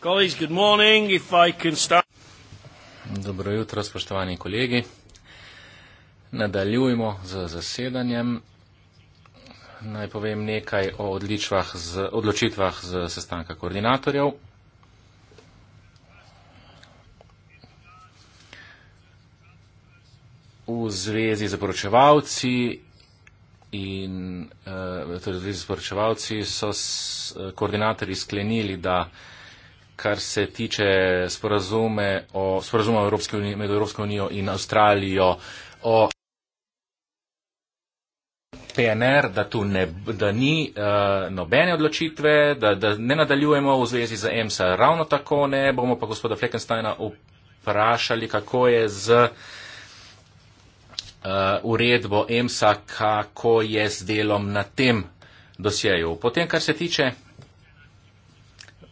Colleagues, good morning. If I can start. Dobro jutro, spoštovani kolegi. Nadaljujemo z zasedanjem. Naj povem nekaj o z, odločitvah z sestanka koordinatorjev. V zvezi z poročevalci in eh, torej z poročevalci so s, eh, koordinatorji sklenili, da kar se tiče sporazume o, sporazume o Evropske unije, med Evropsko unijo in Avstralijo o PNR, da tu ne, da ni uh, nobene odločitve, da, da ne nadaljujemo v zvezi z EMSA. Ravno tako ne, bomo pa gospoda Fleckensteina vprašali, kako je z uh, uredbo EMSA, kako je z delom na tem dosjeju. Potem, kar se tiče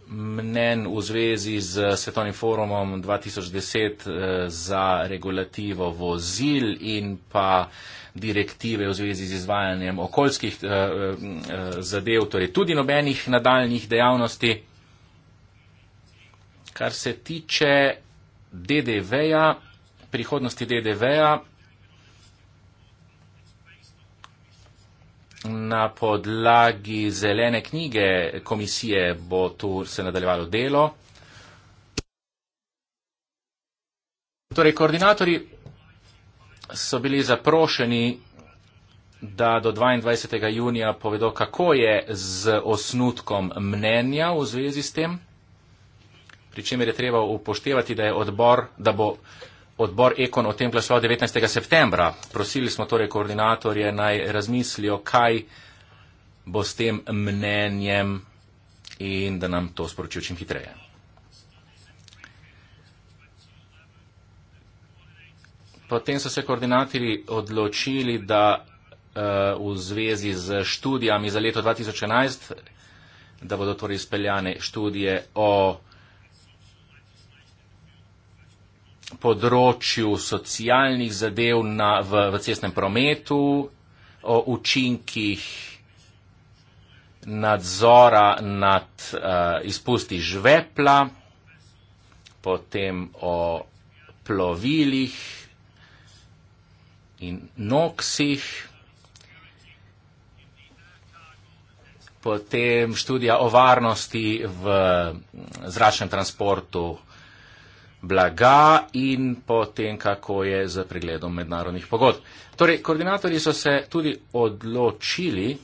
mnen v zvezi z Svetovnim forumom 2010 eh, za regulativo vozil in pa direktive v zvezi z izvajanjem okoljskih eh, eh, zadev, torej tudi nobenih nadaljnih dejavnosti. Kar se tiče DDV-ja, prihodnosti DDV-ja, Na podlagi zelene knjige komisije bo tu se nadaljevalo delo. Torej, koordinatori so bili zaprošeni, da do 22. junija povedo, kako je z osnutkom mnenja v zvezi s tem, pri čemer je treba upoštevati, da, odbor, da bo odbor Ekon o tem glasoval 19. septembra. Prosili smo torej koordinatorje naj razmislijo, kaj bo s tem mnenjem in da nam to sporočijo čim hitreje. Potem so se koordinatorji odločili, da uh, v zvezi z študijami za leto 2011, da bodo torej izpeljane študije o področju socialnih zadev na, v, v cestnem prometu, o učinkih nadzora nad uh, izpusti žvepla, potem o plovilih in noksih, potem študija o varnosti v zračnem transportu blaga in potem, kako je z pregledom mednarodnih pogodb. Torej, koordinatorji so se tudi odločili,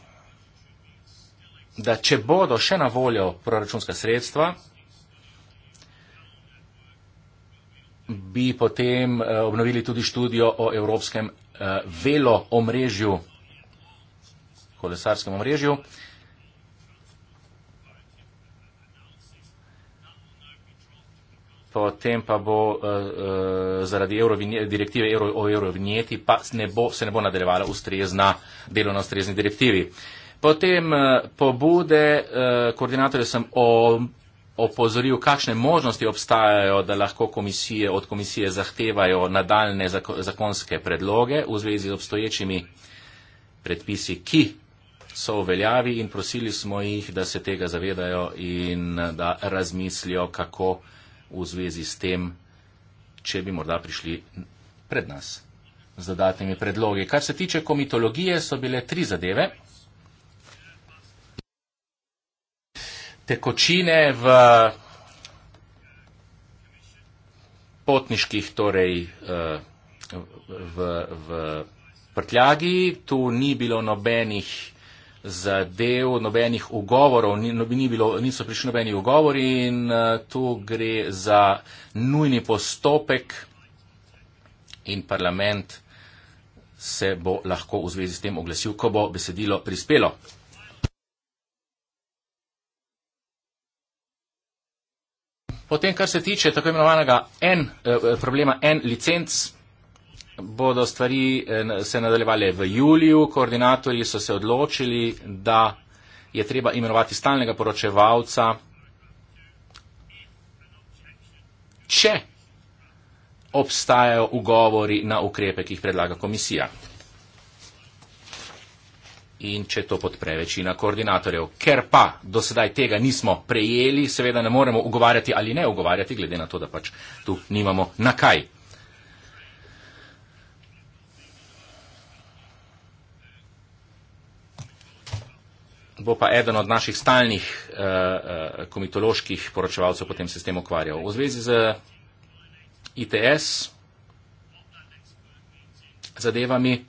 da če bodo še na voljo proračunska sredstva, bi potem eh, obnovili tudi študijo o evropskem eh, velo omrežju, kolesarskem omrežju. potem pa bo uh, uh, zaradi Euro direktive Euro o eurovinjeti pa ne bo, se ne bo nadaljevala ustrezna delovno ustrezni direktivi. Potem uh, pobude uh, koordinatorja sem o, opozoril, kakšne možnosti obstajajo, da lahko komisije, od komisije zahtevajo nadaljne zako, zakonske predloge v zvezi z obstoječimi predpisi, ki so v veljavi in prosili smo jih, da se tega zavedajo in da razmislijo, kako uh, v zvezi s tem, če bi morda prišli pred nas z dodatnimi predlogi. Kar se tiče komitologije, so bile tri zadeve. Tekočine v potniških, torej eh, v, v prtljagi, tu ni bilo nobenih zadev, nobenih ugovorov, ni, no, ni bilo, niso prišli nobeni ugovori in uh, tu gre za nujni postopek in parlament se bo lahko v zvezi s tem oglasil, ko bo besedilo prispelo. Potem, kar se tiče tako imenovanega en, eh, eh problema en licenc, eh, bodo stvari eh, se nadaljevale v juliju. Koordinatorji so se odločili, da je treba imenovati stalnega poročevalca, če obstajajo ugovori na ukrepe, ki jih predlaga komisija. In če to podpre večina koordinatorjev. Ker pa do sedaj tega nismo prejeli, seveda ne moremo ugovarjati ali ne ugovarjati, glede na to, da pač tu nimamo na kaj. bo pa eden od naših stalnih eh, eh, komitoloških poročevalcev potem se s tem ukvarjal. V zvezi z ITS zadevami.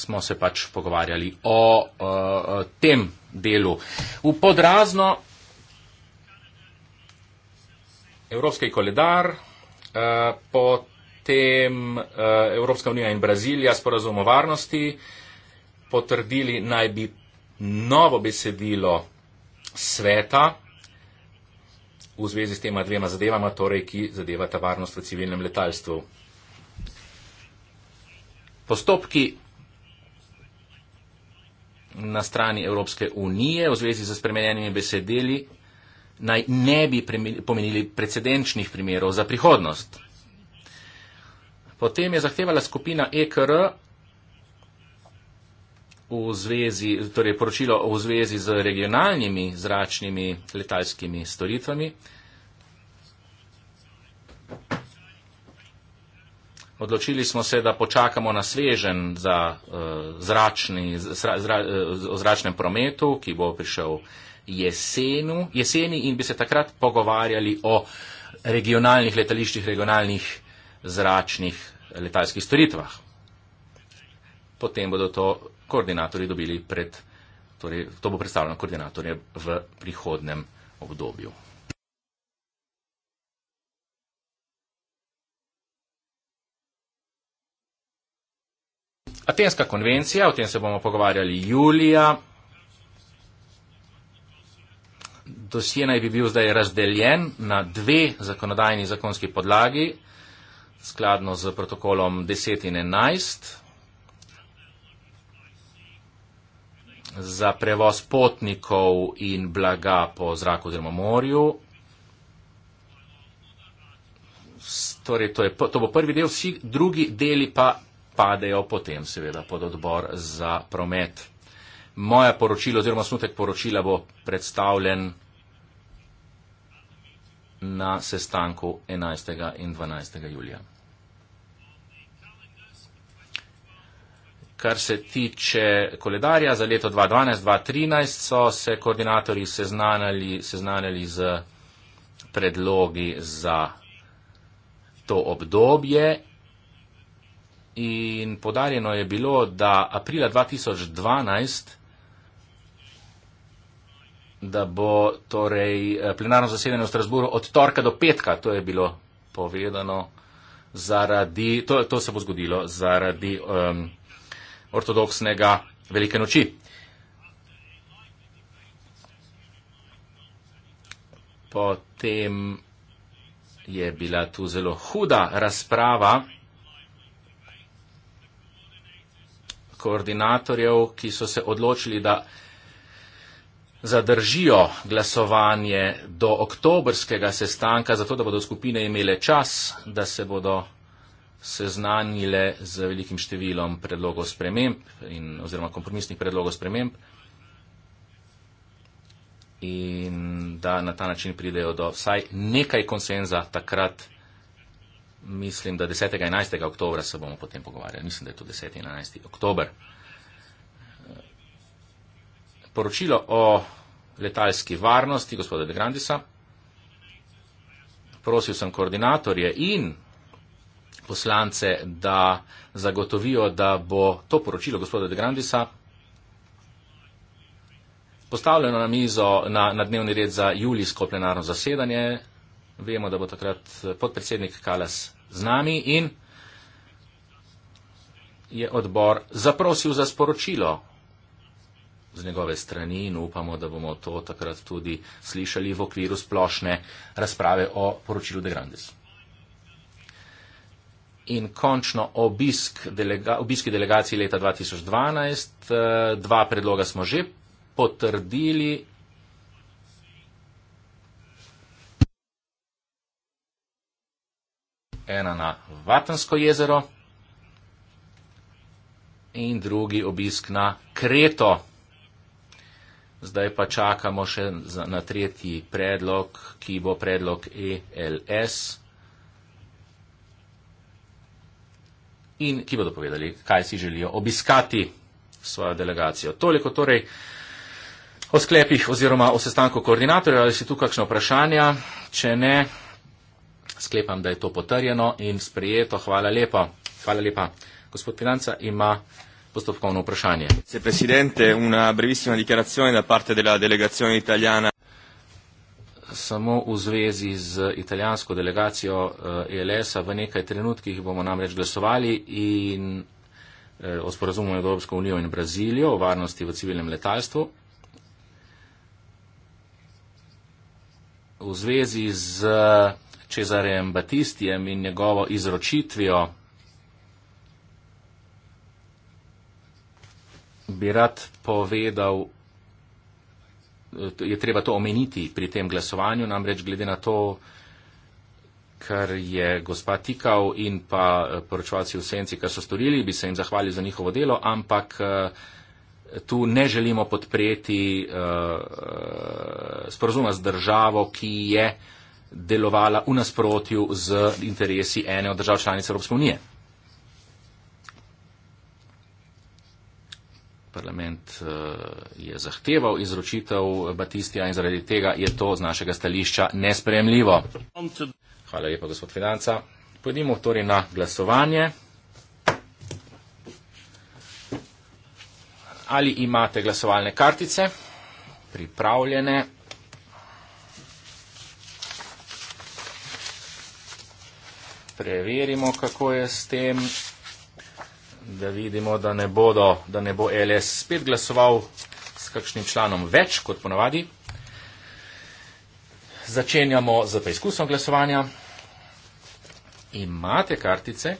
smo se pač pogovarjali o, o, eh, o tem delu. V podrazno Evropski koledar, eh, potem eh, Evropska unija in Brazilija sporazum o varnosti, potrdili naj bi novo besedilo sveta v zvezi s tema dvema zadevama, torej ki zadevata varnost v civilnem letalstvu. Postopki na strani Evropske unije v zvezi z spremenjenimi besedeli naj ne bi pomenili precedenčnih primerov za prihodnost. Potem je zahtevala skupina EKR v zvezi, torej poročilo v zvezi z regionalnimi zračnimi letalskimi storitvami. Odločili smo se, da počakamo na svežen za, uh, zračni, zra, zra, uh, o zračnem prometu, ki bo prišel uh, jesenu, jeseni in bi se takrat pogovarjali o regionalnih letališčih, regionalnih zračnih letalskih storitvah. Potem bodo to koordinatorji dobili pred, torej to bo predstavljeno koordinatorje v prihodnem obdobju. Atenska konvencija, o tem se bomo pogovarjali julija dosje naj bi bil zdaj razdeljen na dve zakonodajni zakonski podlagi, skladno z protokolom 10 in 11 za prevoz potnikov in blaga po zraku oziroma morju. Torej, to, je, to bo prvi del, vsi drugi deli pa padejo potem, seveda, pod odbor za promet. Moja poročila oziroma snutek poročila bo predstavljen na sestanku 11. in 12. julija. Kar se tiče koledarja za leto 2012-2013, so se koordinatorji seznanjali z predlogi za to obdobje in podarjeno je bilo, da aprila 2012 da bo torej eh, plenarno zasedanje v Strasburu od torka do petka, to je bilo povedano, zaradi, to, to se bo zgodilo zaradi um, ortodoksnega velike noči. Potem je bila tu zelo huda razprava koordinatorjev, ki so se odločili, da zadržijo glasovanje do oktobrskega sestanka, zato da bodo skupine imele čas, da se bodo seznanile z velikim številom predlogov sprememb in, oziroma kompromisnih predlogov sprememb in da na ta način pridejo do vsaj nekaj konsenza takrat. Mislim, da 10. in 11. oktobra se bomo potem pogovarjali. Mislim, da je to 10. in 11. oktober poročilo o letalski varnosti gospoda De Grandisa. Prosil sem koordinatorje in poslance, da zagotovijo, da bo to poročilo gospoda De Grandisa postavljeno na mizo na, na dnevni red za julijsko plenarno zasedanje. Vemo, da bo takrat eh, podpredsednik Kalas z nami in je odbor zaprosil za sporočilo z njegove strani in upamo, da bomo to takrat tudi slišali v okviru splošne razprave o poročilu De Grandes. In končno obisk delega, obiski delegacij leta 2012. Eh, dva predloga smo že potrdili. Ena na Vatansko jezero in drugi obisk na Kreto. Zdaj pa čakamo še na tretji predlog, ki bo predlog ELS. In ki bodo povedali, kaj si želijo obiskati svojo delegacijo. Toliko torej o sklepih oziroma o sestanku koordinatorja. Ali si tu kakšno vprašanje? Če ne, sklepam, da je to potrjeno in sprejeto. Hvala lepa. Hvala lepa. Gospod Financa ima postopkovno vprašanje. Samo v zvezi z italijansko delegacijo ELS-a eh, e v nekaj trenutkih bomo namreč glasovali in eh, o sporazumu med Evropsko unijo in Brazilijo o varnosti v civilnem letalstvu. V zvezi z Cezarem Batistijem in njegovo izročitvijo bi rad povedal, je treba to omeniti pri tem glasovanju, namreč glede na to, kar je gospa Tikal in pa eh, poročevalci v Senci, kar so storili, bi se jim zahvalil za njihovo delo, ampak eh, tu ne želimo podpreti uh, eh, sporozuma z državo, ki je delovala v nasprotju z interesi ene od držav članic Evropske unije. parlament eh, je zahteval izročitev Batistija in zaradi tega je to z našega stališča nespremljivo. Hvala lepa, gospod Financa. Pojdimo torej na glasovanje. Ali imate glasovalne kartice pripravljene? Preverimo, kako je s tem da vidimo, da ne, bodo, da ne bo LS spet glasoval s kakšnim članom več kot ponavadi. Začenjamo z preizkusom glasovanja. Imate kartice?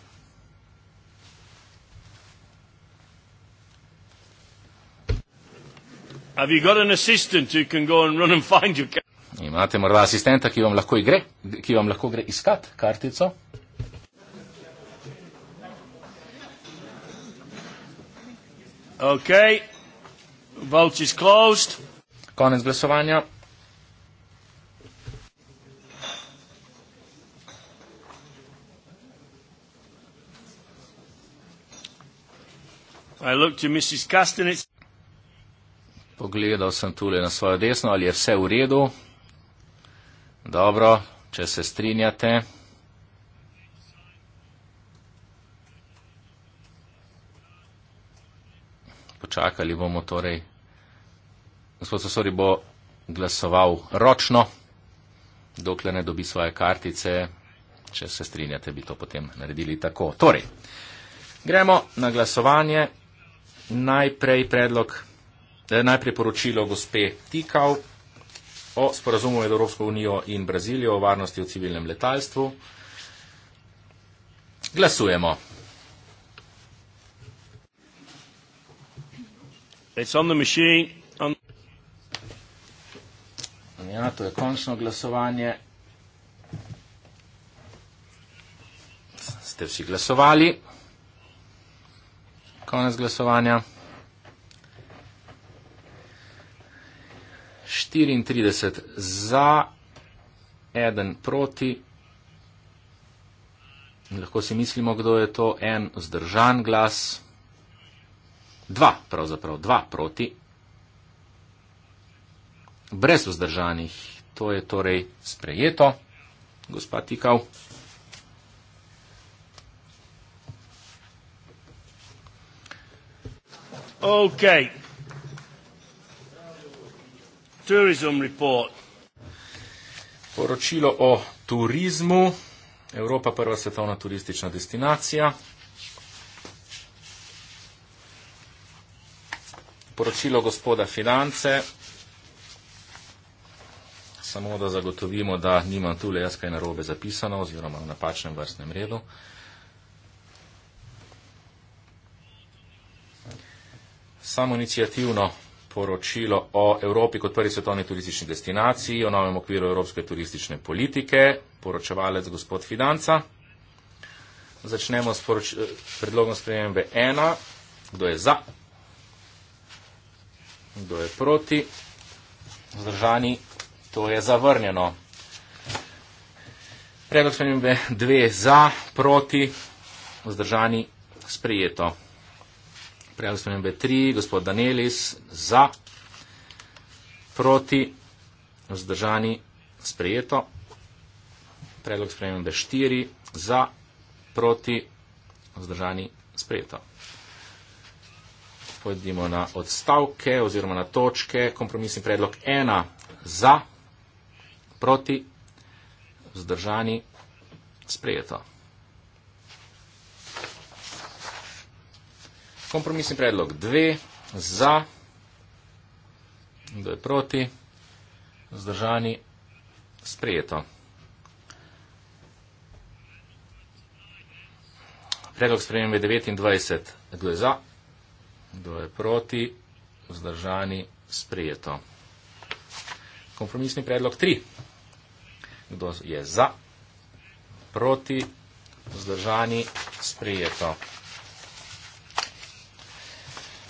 Imate morda asistenta, ki vam lahko, igre, ki vam lahko gre iskat kartico? Ok, vote is closed. Konec glasovanja. I look to Mrs. Kastanic. Pogledal sem tule na svojo desno, ali je vse v redu. Dobro, če se strinjate. počakali bomo torej. Gospod Sosori bo glasoval ročno, dokler ne dobi svoje kartice. Če se strinjate, bi to potem naredili tako. Torej, gremo na glasovanje. Najprej predlog, eh, najprej poročilo gospe Tikal o sporazumu med Evropsko unijo in Brazilijo o varnosti v civilnem letalstvu. Glasujemo. It's on the machine. On... Ja, to je končno glasovanje. Ste vsi glasovali? Konec glasovanja. 34 za, 1 proti. Lahko si mislimo, kdo je to, en zdržan glas dva, pravzaprav dva proti, brez vzdržanih. To je torej sprejeto, gospod Tikal. Ok. Turizem report. Poročilo o turizmu. Evropa prva svetovna turistična destinacija. poročilo gospoda finance, samo da zagotovimo, da nimam tu le jaz kaj narobe zapisano oziroma v napačnem vrstnem redu. Samo inicijativno poročilo o Evropi kot prvi svetovni turistični destinaciji, o novem okviru evropske turistične politike, poročevalec gospod Fidanca. Začnemo s eh, predlogom spremembe 1. Kdo je za? Kdo je proti? Zdržani, to je zavrnjeno. Predlog spremembe dve za, proti, vzdržani, sprejeto. Predlog spremembe tri, gospod Danelis, za, proti, vzdržani, sprejeto. Predlog spremembe štiri, za, proti, vzdržani, sprejeto pojedimo na odstavke oziroma na točke. Kompromisni predlog ena za, proti, vzdržani, sprejeto. Kompromisni predlog dve za, kdo je proti, vzdržani, sprejeto. Predlog spremembe 29, kdo je za, Kdo je proti? Vzdržani? Sprejeto. Kompromisni predlog 3. Kdo je za? Proti? Vzdržani? Sprejeto.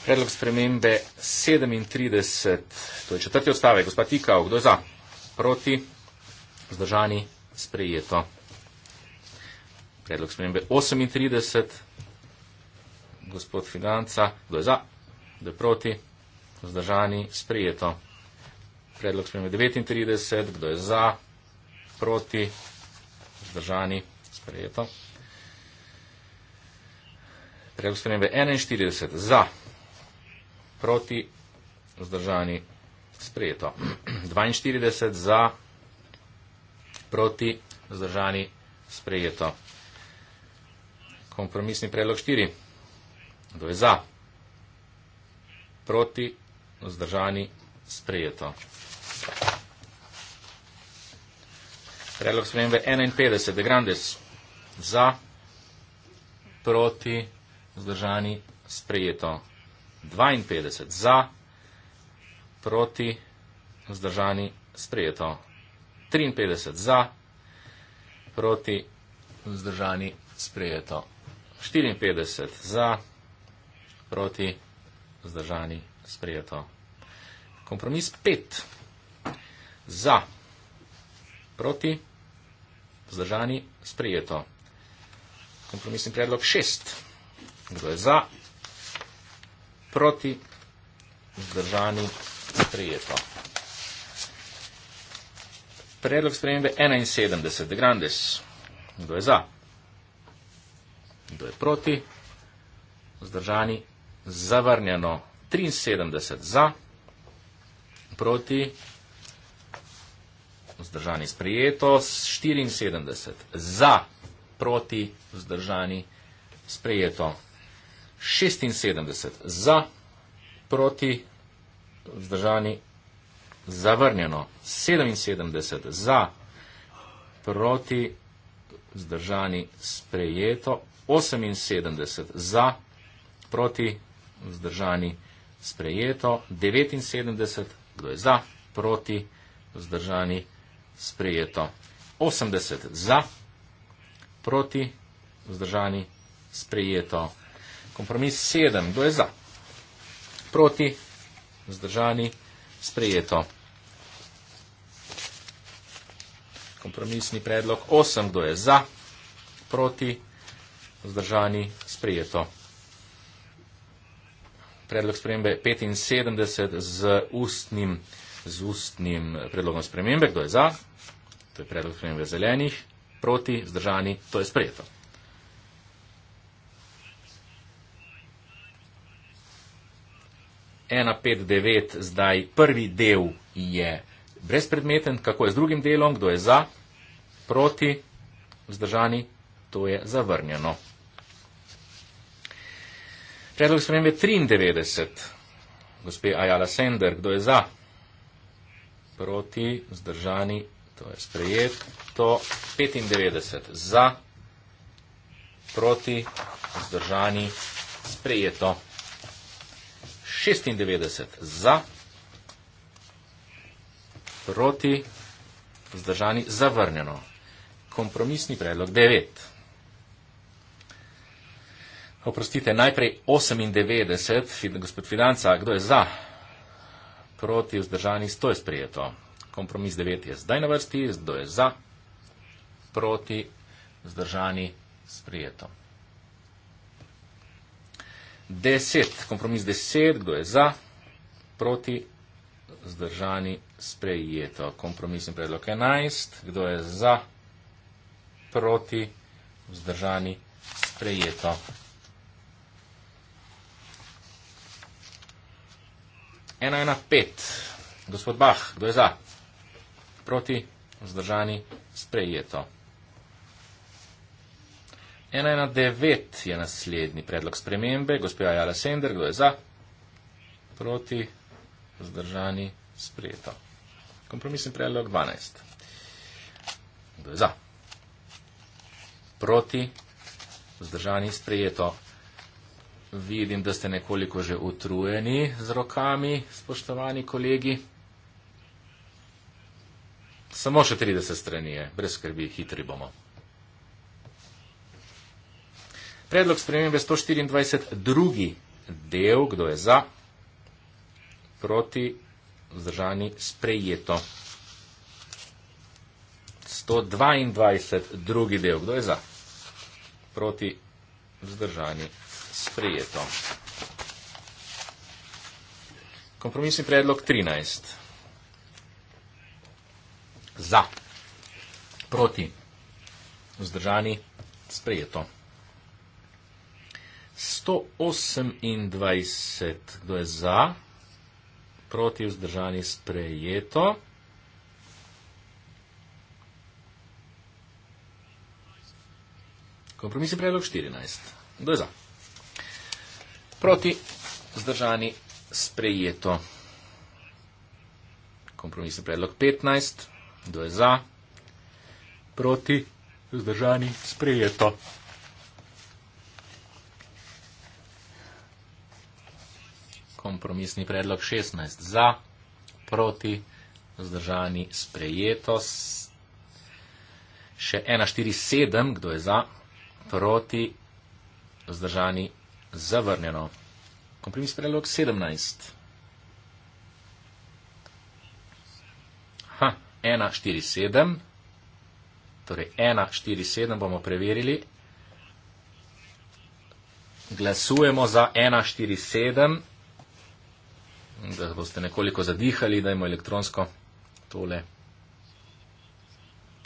Predlog spremembe 37, to je četrti odstavek, gospod Tikal, kdo je za? Proti, vzdržani, sprejeto. Predlog spremembe 38, gospod Financa, kdo je za, kdo je proti, vzdržani, sprijeto. Predlog sprejme 39, kdo je za, proti, vzdržani, sprijeto. Predlog sprejme 41, za, proti, vzdržani, sprijeto. 42, za, proti, vzdržani, sprijeto. Kompromisni predlog 4. Kdo je za? Proti, vzdržani, sprejeto. Predlog spremembe 51, De Grandes. Za, proti, vzdržani, sprejeto. 52, za, proti, vzdržani, sprejeto. 53, za, proti, vzdržani, sprejeto. 54, za proti vzdržani sprejeto. Kompromis pet. Za, proti, vzdržani, sprejeto. Kompromisni predlog šest. Kdo je za, proti, vzdržani, sprejeto. Predlog spremembe 71. De Grandes. Kdo je za, kdo je proti, vzdržani, zavrnjeno 73 za, proti, vzdržani sprejeto, 74 za, proti, vzdržani sprejeto, 76 za, proti, vzdržani zavrnjeno, 77 za, proti, vzdržani sprejeto, 78 za, proti, vzdržani sprejeto, vzdržani, sprejeto 79, kdo je za, proti, vzdržani, sprejeto 80 za, proti, vzdržani, sprejeto. Kompromis 7, kdo je za, proti, vzdržani, sprejeto. Kompromisni predlog 8, kdo je za, proti, vzdržani, sprejeto predlog spremembe 75 z ustnim, z ustnim predlogom spremembe. Kdo je za? To je predlog spremembe zelenih. Proti, zdržani, to je sprejeto. Ena, pet, devet, zdaj prvi del je brezpredmeten. Kako je z drugim delom? Kdo je za? Proti, vzdržani, to je zavrnjeno. Predlog spremembe 93. Gospe Ajala Sender, kdo je za? Proti, vzdržani, to je sprejeto. 95. Za, proti, vzdržani, sprejeto. 96. Za, proti, vzdržani, zavrnjeno. Kompromisni predlog 9. Oprostite, najprej 98, gospod Financa, kdo je za? Proti vzdržani 100 je sprejeto. Kompromis 9 je zdaj na vrsti, kdo je za? Proti vzdržani sprejeto. 10, kompromis 10, kdo je za? Proti vzdržani sprejeto. Kompromisni predlog 11, kdo je za? Proti vzdržani sprejeto. 1-1-5. Gospod Bah, kdo je za? Proti, vzdržani, sprejeto. 1-1-9 je naslednji predlog spremembe. Gospoda Jala Sender, kdo je za? Proti, vzdržani, sprejeto. Kompromisni predlog 12. Kdo je za? Proti, vzdržani, sprejeto. Vidim, da ste nekoliko že utrujeni z rokami, spoštovani kolegi. Samo še 30 strani je, brez skrbi, hitri bomo. Predlog spremembe 124, drugi del, kdo je za, proti, vzdržani, sprejeto. 122, drugi del, kdo je za, proti, vzdržani vzdržani sprejeto. Kompromisni predlog 13. Za, proti, vzdržani sprejeto. 128. Kdo je za, proti, vzdržani sprejeto. Kompromis je predlog 14. Kdo je za? Proti, zdržani, sprejeto. Kompromis je predlog 15. Kdo je za? Proti, zdržani, sprejeto. Kompromisni predlog 16 za, proti, zdržani, sprejeto. Še 1,47, kdo je za? proti, vzdržani, zavrnjeno. Kompromis predlog 17. Ha, 1, 4, 7. Torej 1, 4, 7 bomo preverili. Glasujemo za 1, 4, 7. Da boste nekoliko zadihali, da imamo elektronsko tole.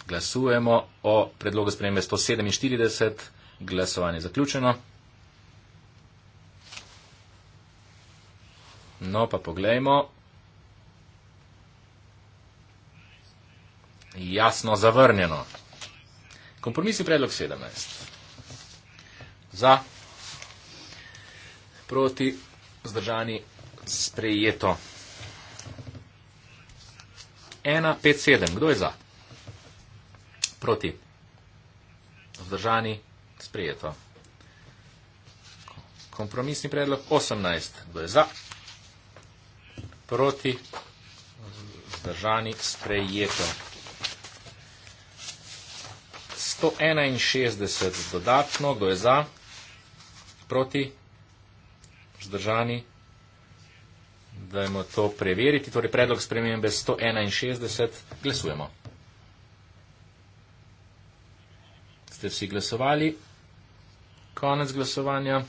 Glasujemo o predlogu spremembe 147. Glasovanje zaključeno. No, pa pogledajmo. Jasno zavrnjeno. Kompromis je predlog 17. Za, proti, zdržani, sprejeto. 1, 5, 7. Kdo je za? Proti, zdržani, sprejeto. Sprijeto. Kompromisni predlog 18. Kdo je za? Proti? Zdržani? Sprejeto. 161 dodatno. Kdo je za? Proti? Zdržani? Dajmo to preveriti. Torej, predlog spremembe 161. Glasujemo. Ste vsi glasovali? Konec glasovanja.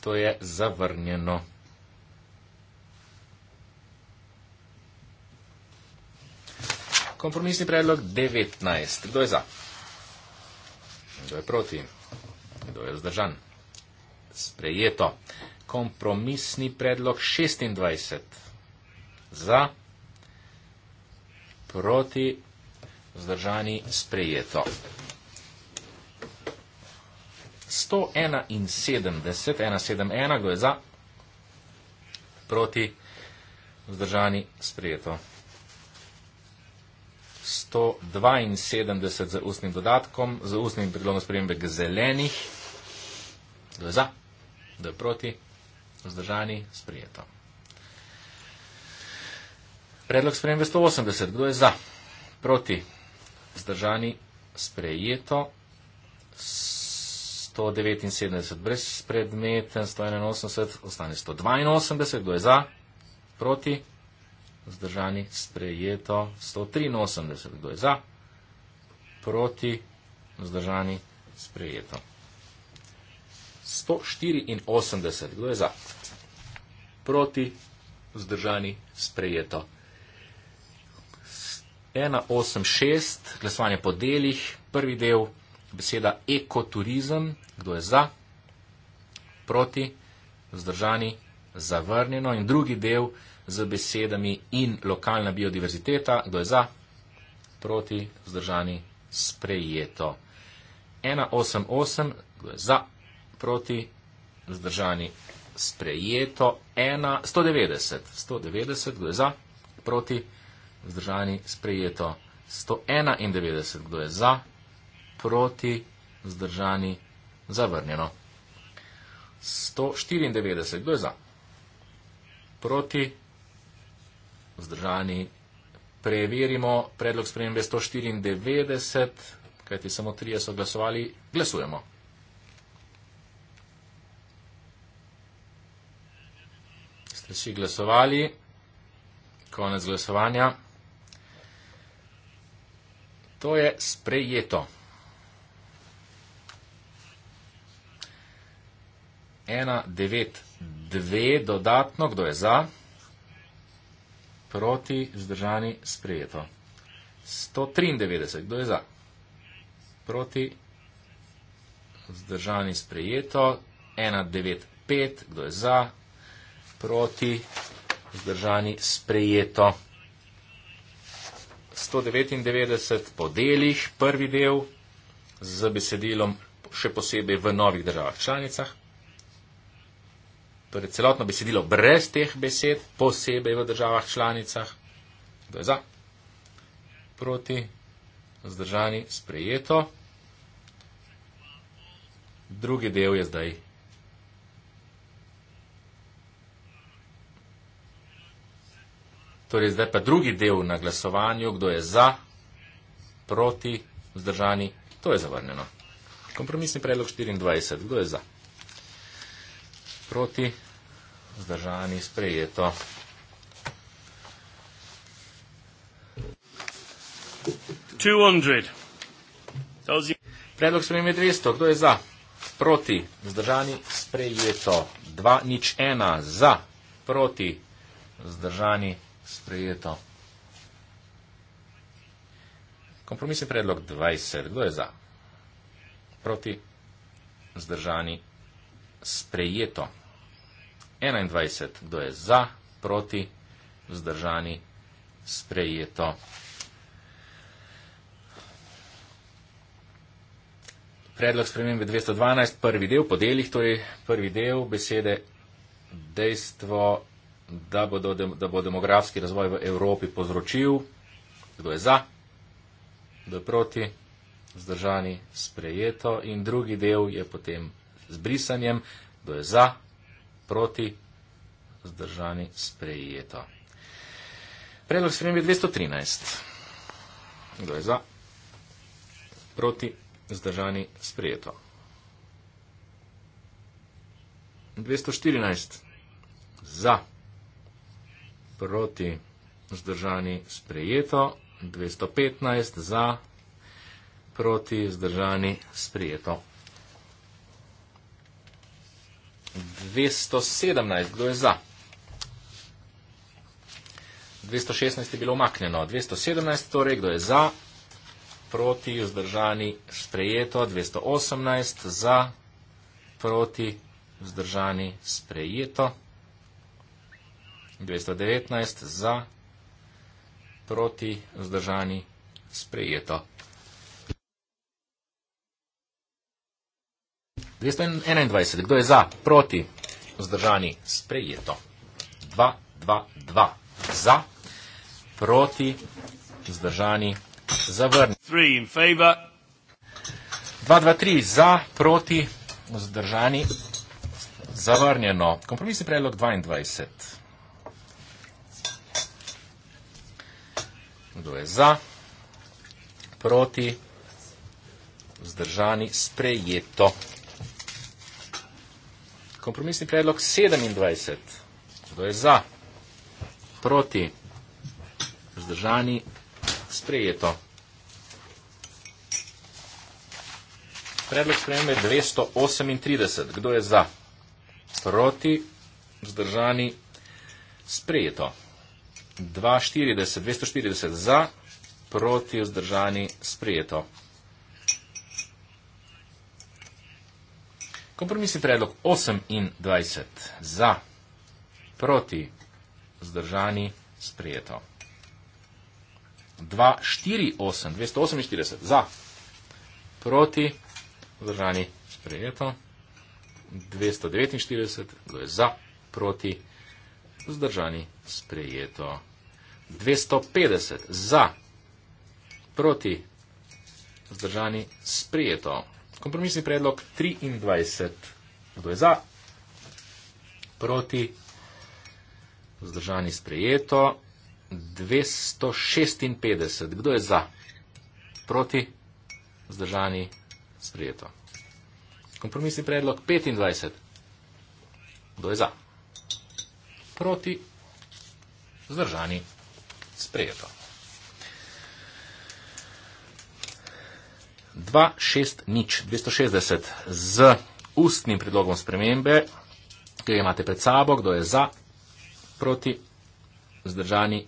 To je zavrnjeno. Kompromisni predlog 19. Kdo je za? Kdo je proti? Kdo je vzdržan? Sprejeto. Kompromisni predlog 26. Za, proti, vzdržani, sprejeto. 171, 171, kdo je za, proti, vzdržani, sprejeto. 172 za ustnim dodatkom, za ustnim predlogom spremembe k zelenih, kdo je za, kdo je proti, vzdržani, sprejeto. Predlog spremembe 180, kdo je za, proti, vzdržani, sprejeto. 179 brezpredmeten, 181, ostane 182, kdo je za, proti, vzdržani, sprejeto, 183, kdo je za, proti, vzdržani, sprejeto. 184, kdo je za, proti, vzdržani, sprejeto. 186, glasovanje po delih, prvi del. Beseda ekoturizem, kdo je za, proti, vzdržani, zavrnjeno in drugi del z besedami in lokalna biodiverziteta, kdo je za, proti, vzdržani, sprejeto. 188, kdo je za, proti, vzdržani, sprejeto. 1, 190, 190, kdo je za, proti, vzdržani, sprejeto. 191, kdo je za, proti, vzdržani, zavrnjeno. 194, kdo je za? Proti, vzdržani, preverimo predlog spremembe 194, kajti samo trije so glasovali, glasujemo. Ste vsi glasovali? Konec glasovanja. To je sprejeto. 1-9-2 dodatno, kdo je za, proti, zdržani, sprejeto. 193, kdo je za, proti, zdržani, sprejeto. 1-9-5, kdo je za, proti, zdržani, sprejeto. 199 po delih, prvi del z besedilom še posebej v novih državah članicah torej celotno besedilo brez teh besed, posebej v državah članicah. Kdo je za? Proti? Zdržani? Sprejeto. Drugi del je zdaj. Torej, zdaj pa drugi del na glasovanju, kdo je za, proti, vzdržani, to je zavrnjeno. Kompromisni predlog 24, kdo je za, proti, zdržani, sprejeto. Predlog spremembe 200, kdo je za? Proti, zdržani, sprejeto. 2 nič 1 za, proti, zdržani, sprejeto. Kompromisni predlog 20, kdo je za? Proti, zdržani, sprejeto. 21, kdo je za, proti, vzdržani, sprejeto. Predlog spremembe 212, prvi del, podeljih, torej prvi del besede, dejstvo, da, bodo, da bo demografski razvoj v Evropi povzročil, kdo je za, kdo je proti, vzdržani, sprejeto in drugi del je potem zbrisanjem, kdo je za, proti, zdržani sprejeto. Predlog spremembe 213. Kdo je za? Proti, zdržani sprejeto. 214. Za. Proti, zdržani sprejeto. 215. Za. Proti, zdržani sprejeto. 217, kdo je za? 216 je bilo omaknjeno. 217, torej, kdo je za? Proti, vzdržani, sprejeto. 218, za, proti, vzdržani, sprejeto. 219, za, proti, vzdržani, sprejeto. 221. Kdo je za, proti, vzdržani, sprejeto? 222. Za, proti, vzdržani, zavrnjeno. 223. Za, proti, vzdržani, zavrnjeno. Kompromisni predlog 22. Kdo je za, proti, vzdržani, sprejeto? Kompromisni predlog 27. Kdo je za? Proti? Zdržani? Sprejeto. Predlog sprejeme 238. Kdo je za? Proti? Zdržani? Sprejeto. 240, 240 za, proti, vzdržani, sprejeto. Kompromisni predlog 28 za, proti, zdržani, sprejeto. 248, 248 za, proti, zdržani, sprejeto. 249, kdo je za, proti, zdržani, sprejeto. 250 za, proti, zdržani, sprejeto. Kompromisni predlog 23. Kdo je za? Proti? Vzdržani sprejeto. 256. Kdo je za? Proti? Vzdržani sprejeto. Kompromisni predlog 25. Kdo je za? Proti? Vzdržani sprejeto. 260 z ustnim predlogom spremembe, ki ga imate pred sabo, kdo je za, proti, zdržani,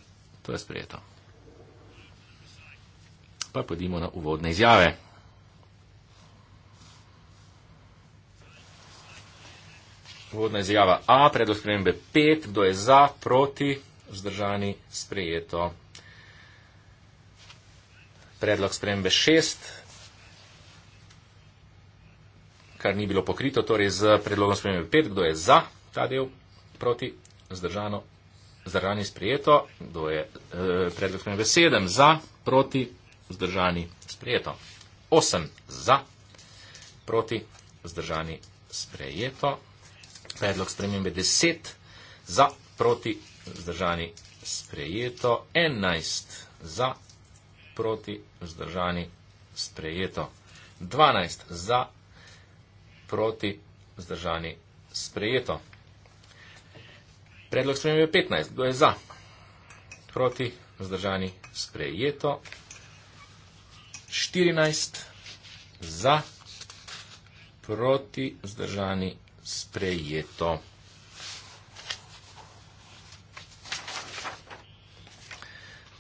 to je sprejeto. Pa pojdimo na uvodne izjave. Uvodna izjava A, predlog spremembe 5, kdo je za, proti, vzdržani, sprejeto. Predlog spremembe 6, kar ni bilo pokrito, torej z predlogom spremembe 5, kdo je za ta del, proti, zdržano, zdržani sprejeto, kdo je eh, predlog spremembe 7, za, proti, zdržani sprejeto. 8 za, proti, zdržani sprejeto. Predlog spremembe 10, za, proti, zdržani sprejeto. 11 za, proti, zdržani sprejeto. 12 za, proti, vzdržani, sprejeto. Predlog spremembe 15. Kdo je za? Proti, vzdržani, sprejeto. 14. Za, proti, vzdržani, sprejeto.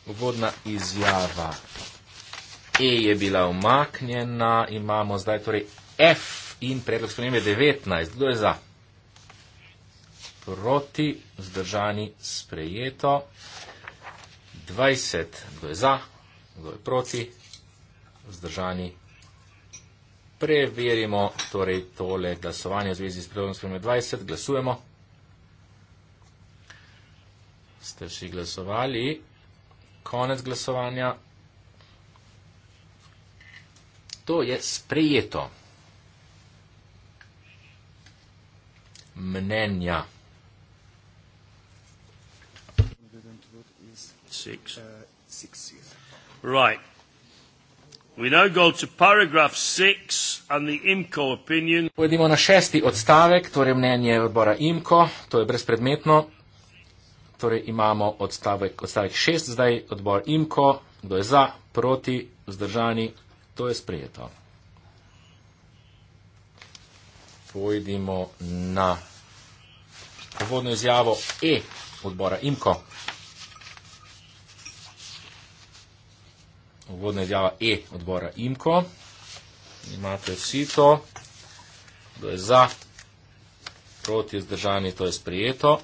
Uvodna izjava E je bila omaknjena, imamo zdaj torej F in predlog spremembe 19. Kdo je za? Proti, zdržani, sprejeto. 20. Kdo je za? Kdo je proti? Zdržani. Preverimo torej tole glasovanje v zvezi s predlogom spremembe 20. Glasujemo. Ste vsi glasovali? Konec glasovanja. To je sprejeto. mnenja. Six. Right. We now go to paragraph six and the IMCO opinion. Pojedimo na šesti odstavek, torej mnenje odbora IMCO, to je brezpredmetno. Torej imamo odstavek, odstavek šest, zdaj odbor IMCO, kdo je za, proti, vzdržani, to je sprejeto pojdimo na uvodno izjavo E odbora IMKO. Uvodna izjava E odbora IMKO. Imate vsi to. Kdo je za? Proti zdržani, to je sprijeto.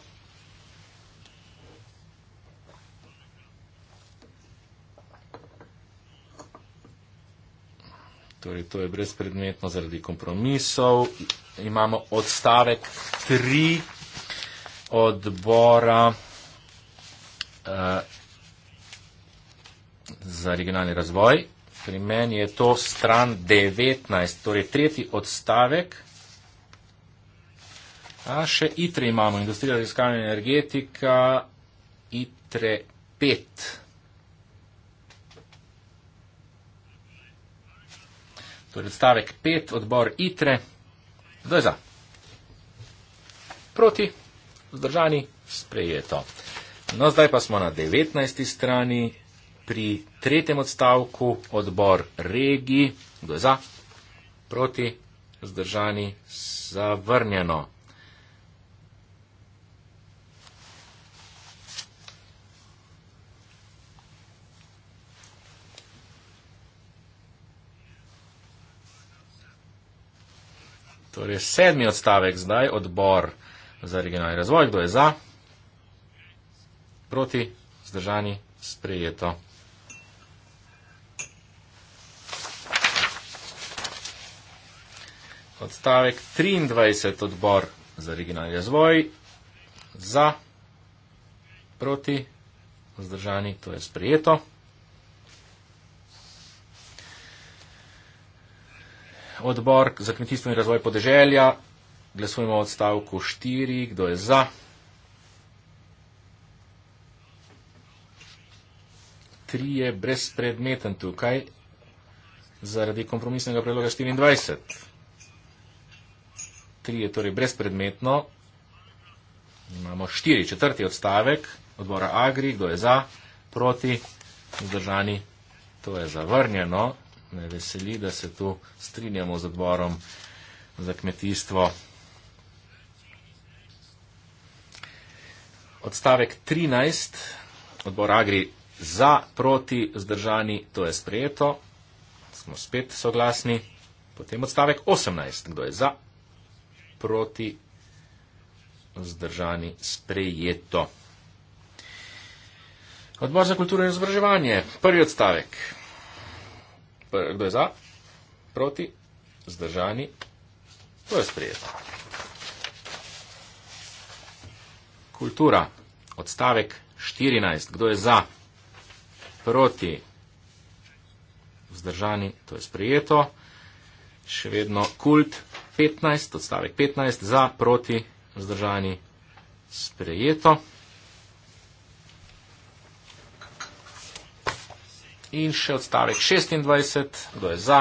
Torej, to je brezpredmetno zaradi kompromisov. Imamo odstavek 3 odbora uh, za regionalni razvoj. Pri meni je to stran 19, torej tretji odstavek. A še ITRE imamo, industrija, raziskavanje in energetika, ITRE 5. Torej, stavek 5, odbor ITRE. Kdo je za? Proti, vzdržani, sprejeto. No, zdaj pa smo na 19. strani, pri tretjem odstavku, odbor regi. Kdo je za? Proti, vzdržani, zavrnjeno. Torej, sedmi odstavek zdaj, odbor za regionalni razvoj, kdo je za, proti, zdržani, sprejeto. Odstavek 23, odbor za regionalni razvoj, za, proti, vzdržani, to je sprejeto. odbor za kmetijstvo in razvoj podeželja. Glasujemo od stavku 4. Kdo je za? 3 je brezpredmeten tukaj zaradi kompromisnega predloga 24. 3 je torej brezpredmetno. Imamo 4, četrti odstavek odbora Agri. Kdo je za? Proti? Zdržani? To je zavrnjeno me veseli, da se tu strinjamo z odborom za kmetijstvo. Odstavek 13. Odbor Agri za, proti, zdržani, to je sprejeto. Smo spet soglasni. Potem odstavek 18. Kdo je za, proti, zdržani, sprejeto. Odbor za kulturo in izobraževanje. Prvi odstavek kdo je za, proti, zdržani, to je sprejeto. Kultura, odstavek 14, kdo je za, proti, zdržani, to je sprejeto. Še vedno kult 15, odstavek 15, za, proti, zdržani, sprejeto. In še odstavek 26, kdo je za,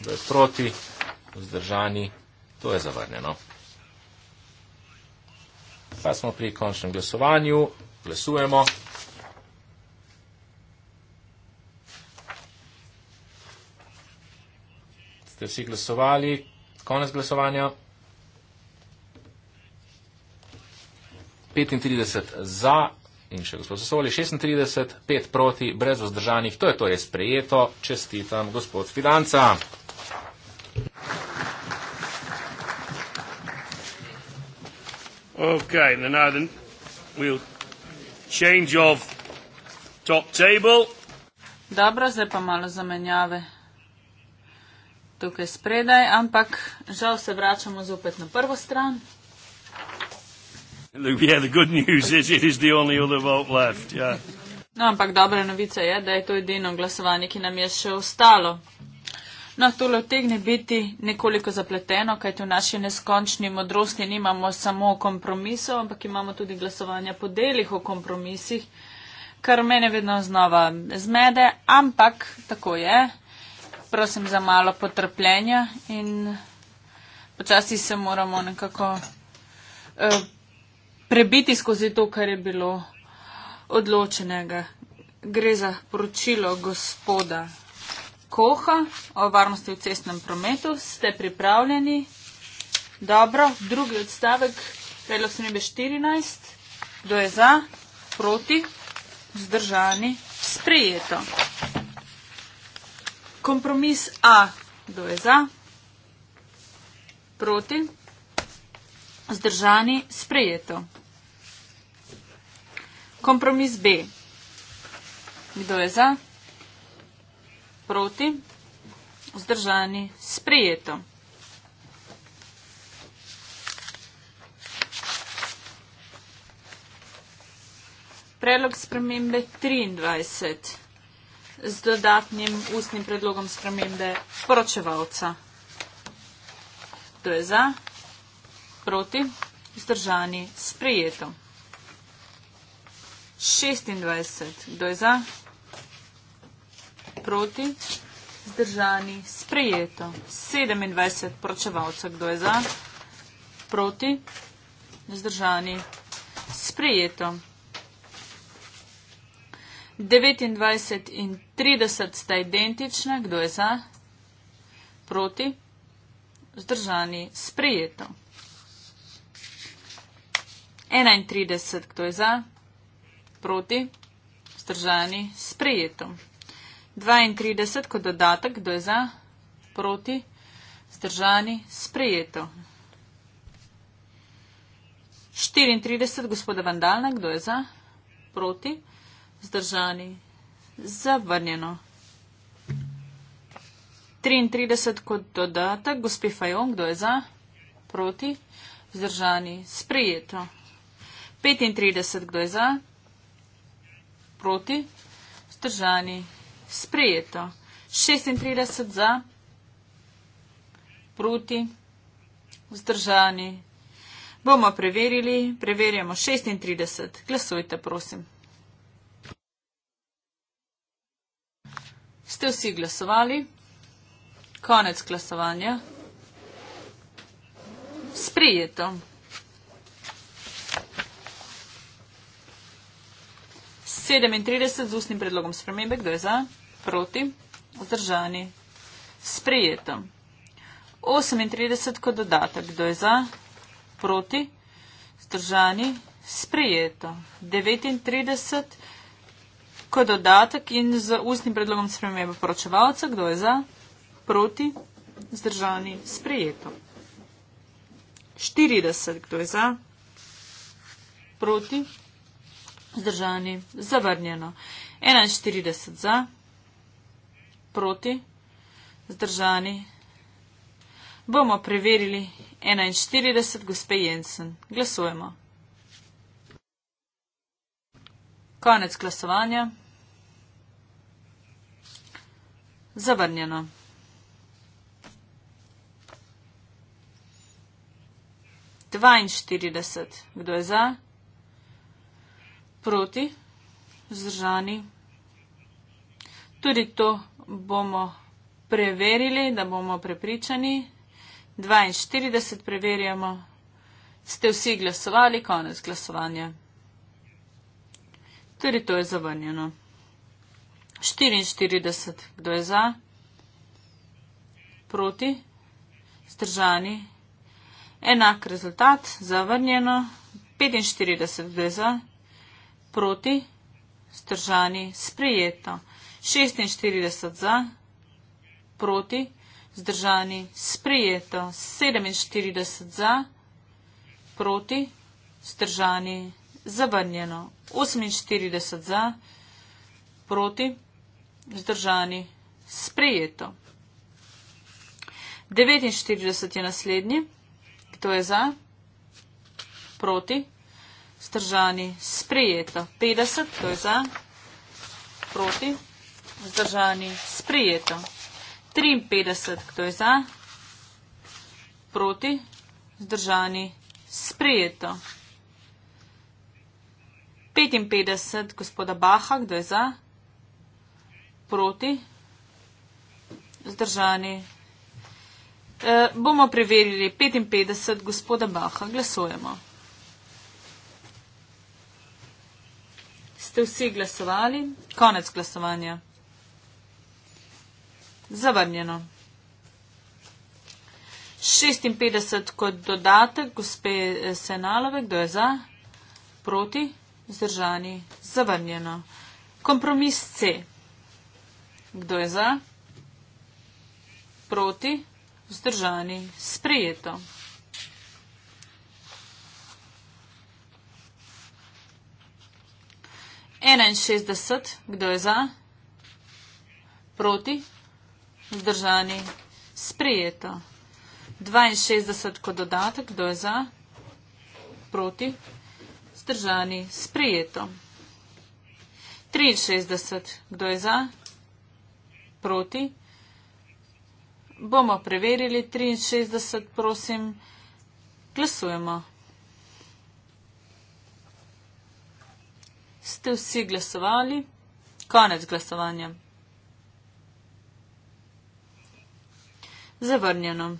kdo je proti, vzdržani, to je zavrnjeno. Pa smo pri končnem glasovanju, glasujemo. Ste vsi glasovali, konec glasovanja. 35 za, In še gospod Sosoli, 36, 5 proti, brez vzdržanih, to je torej sprejeto. Čestitam, gospod Fidanca. Ok, nenaden. We'll change of top table. Dobro, zdaj pa malo zamenjave tukaj spredaj, ampak žal se vračamo zopet na prvo stran. Yeah, the good news is it is the only other vote left. Yeah. No, ampak dobra novica je, da je to edino glasovanje, ki nam je še ostalo. No, tole otegne biti nekoliko zapleteno, kajti v naši neskončni modrosti nimamo samo kompromisov, ampak imamo tudi glasovanja po delih o kompromisih, kar mene vedno znova zmede, ampak tako je. Prosim za malo potrpljenja in počasi se moramo nekako. Uh, prebiti skozi to, kar je bilo odločenega. Gre za poročilo gospoda Koha o varnosti v cestnem prometu. Ste pripravljeni? Dobro, drugi odstavek, predlog se nebe 14. Kdo je za? Proti? Zdržani? Sprejeto. Kompromis A. Kdo je za? Proti? Zdržani sprejeto. Kompromis B. Kdo je za? Proti. Zdržani sprejeto. Predlog spremembe 23 z dodatnim ustnim predlogom spremembe poročevalca. Kdo je za? proti, vzdržani, sprejeto. 26, kdo je za, proti, vzdržani, sprejeto. 27, poročevalce, kdo je za, proti, vzdržani, sprejeto. 29 in 30 sta identična, kdo je za, proti, vzdržani, sprejeto. 31, kdo je za, proti, vzdržani, sprejeto. 32, kot dodatek, kdo je za, proti, vzdržani, sprejeto. 34, gospoda Vandalna, kdo je za, proti, vzdržani, zavrnjeno. 33 kot dodatek, gospe Fajon, kdo je za, proti, vzdržani, sprejeto. 35, kdo je za? Proti? Zdržani? Sprejeto. 36 za? Proti? Zdržani? Bomo preverili. Preverjamo 36. Glasujte, prosim. Ste vsi glasovali? Konec glasovanja. Sprijetom. 37 z ustnim predlogom spremembe, kdo je za, proti, vzdržani, sprejeto. 38 kot dodatek, kdo je za, proti, vzdržani, sprejeto. 39 kot dodatek in z ustnim predlogom spremembe poročevalca, kdo je za, proti, vzdržani, sprejeto. 40, kdo je za, proti, vzdržani. Zdržani, zavrnjeno. 41 za, proti, zdržani. Bomo preverili 41, gospe Jensen. Glasujemo. Konec glasovanja. Zavrnjeno. Dvainštirideset. Kdo je za? proti, zdržani. Tudi to bomo preverili, da bomo prepričani. 42 preverjamo. Ste vsi glasovali, konec glasovanja. Tudi to je zavrnjeno. 44, kdo je za? Proti, zdržani. Enak rezultat, zavrnjeno. 45, kdo je za? proti, stržani, sprejeto. 46 za, proti, zdržani, sprejeto. 47 za, proti, zdržani, zavrnjeno. 48 za, proti, zdržani, sprejeto. 49 je naslednji, kdo je za, proti, zdržani. Vzdržani. Sprijeto. 50, to je za. Proti. Vzdržani. Sprijeto. 53, kdo je za? Proti. Zdržani. Sprijeto. 55, gospoda Baha, kdo je za? Proti. Zdržani. E, eh, bomo preverili. 55, gospoda Baha, glasujemo. ste vsi glasovali. Konec glasovanja. Zavrnjeno. 56 kot dodatek gospe eh, Senalove, kdo je za, proti, zdržani, zavrnjeno. Kompromis C. Kdo je za, proti, zdržani, sprejeto. 61, kdo je za, proti, vzdržani, sprijeto. 62 kot dodatek, kdo je za, proti, vzdržani, sprijeto. 63, kdo je za, proti, bomo preverili 63, prosim, glasujemo. ste vsi glasovali. Konec glasovanja. Zavrnjeno.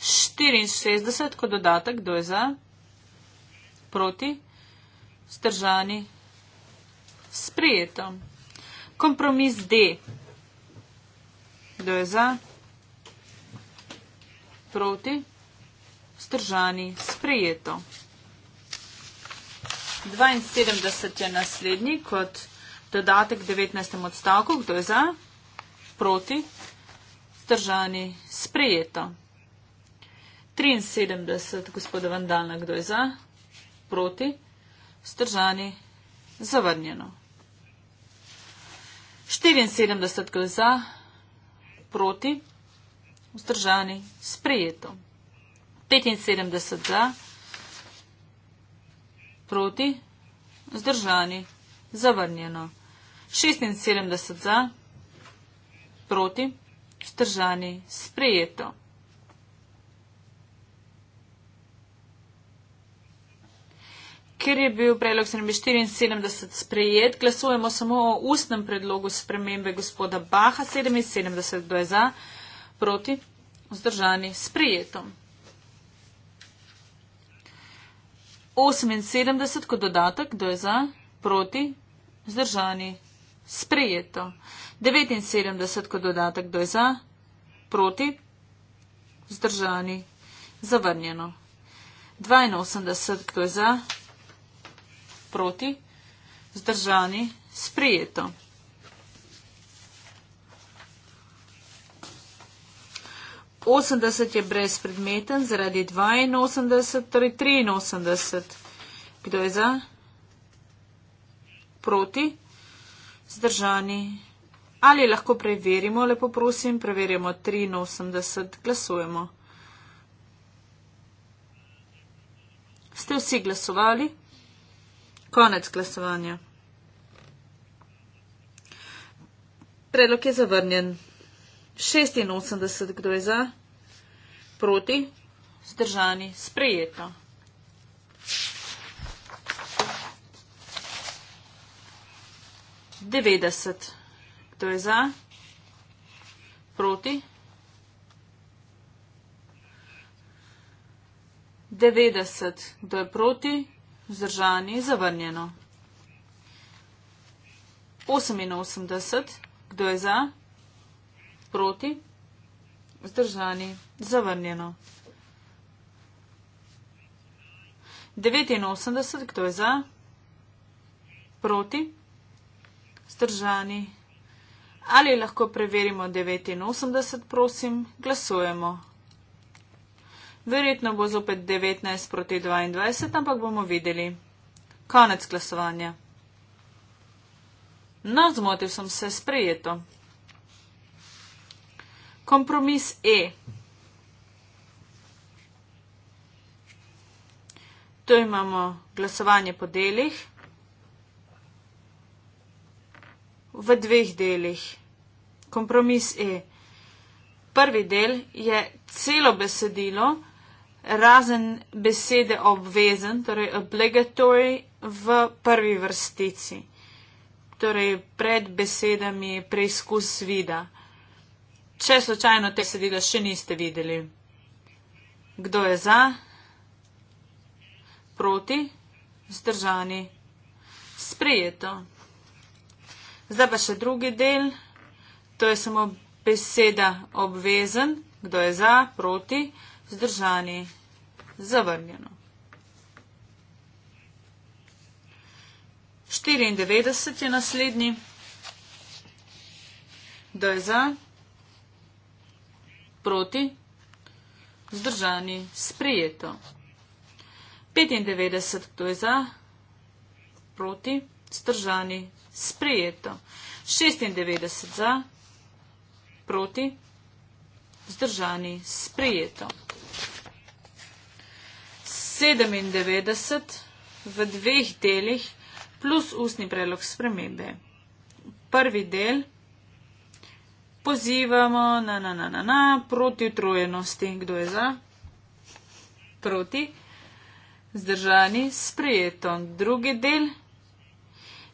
64 kot dodatek, kdo je za, proti, stržani, sprijeto. Kompromis D. Kdo je za, proti, stržani, sprijeto. 72 je naslednji kot dodatek 19. odstavku. Kdo je za? Proti? Zdržani? Sprejeto. 73, gospoda Vandalna, kdo je za? Proti? Zdržani? Zavrnjeno. 74, kdo je za? Proti? Vzdržani, sprejeto. 75 za, proti, zdržani, zavrnjeno. 76 za, proti, zdržani, sprejeto. Ker je bil predlog 74 sprejet, glasujemo samo o ustnem predlogu spremembe gospoda Baha 77 do je za, proti, vzdržani, sprejetom. 78 kot dodatek, kdo je za, proti, zdržani, sprejeto. 79 kot dodatek, kdo je za, proti, zdržani, zavrnjeno. 82 kdo je za, proti, zdržani, sprejeto. 80 je brezpredmeten zaradi 82, torej 83. Kdo je za? Proti? Zdržani? Ali lahko preverimo, lepo prosim, preverimo 83, glasujemo. Ste vsi glasovali? Konec glasovanja. Predlog je zavrnjen. 86, kdo je za, proti, zdržani, sprejeto. Devetdeset, kdo je za, proti, devetdeset, kdo je proti, zdržani, zavrnjeno. Oseminosemdeset, kdo je za, proti. Proti? Zdržani. Zavrnjeno. 89, kdo je za? Proti? Zdržani. Ali lahko preverimo 89, prosim? Glasujemo. Verjetno bo zopet 19 proti 22, ampak bomo videli. Konec glasovanja. No, zmotil sem se sprejeto. Kompromis E. Tu imamo glasovanje po delih. V dveh delih. Kompromis E. Prvi del je celo besedilo, razen besede obvezen, torej obligatory, v prvi vrstici. Torej pred besedami preizkus vida. Če slučajno te sedila še niste videli. Kdo je za? Proti? Zdržani? Sprijeto. Zdaj pa še drugi del. To je samo beseda obvezen. Kdo je za? Proti? Zdržani? Zavrnjeno. 94 je naslednji. Kdo je za? proti, vzdržani, sprijeto. 95, kdo je za, proti, vzdržani, sprijeto. 96 za, proti, vzdržani, sprijeto. 97 v dveh delih plus ustni predlog spremembe. Prvi del je pozivamo na, na, na, na, na proti utrojenosti. Kdo je za? Proti. Zdržani, sprijeto. Drugi del.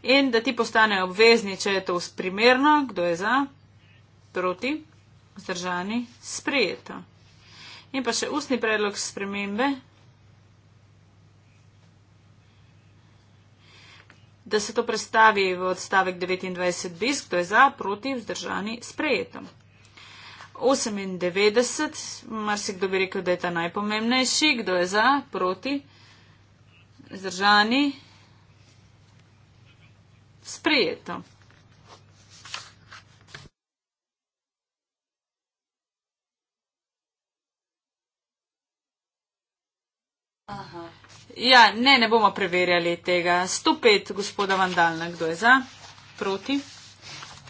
In da ti postane obvezni, če je to usprimerno. Kdo je za? Proti. Zdržani, sprijeto. In pa še ustni predlog spremembe. da se to predstavi v odstavek 29 bis, kdo je za, proti, vzdržani, sprejetom. 98, mar si kdo bi rekel, da je ta najpomembnejši, kdo je za, proti, vzdržani, sprejetom. Aha. Ja, ne, ne bomo preverjali tega. 105 gospoda Vandalna, kdo je za, proti,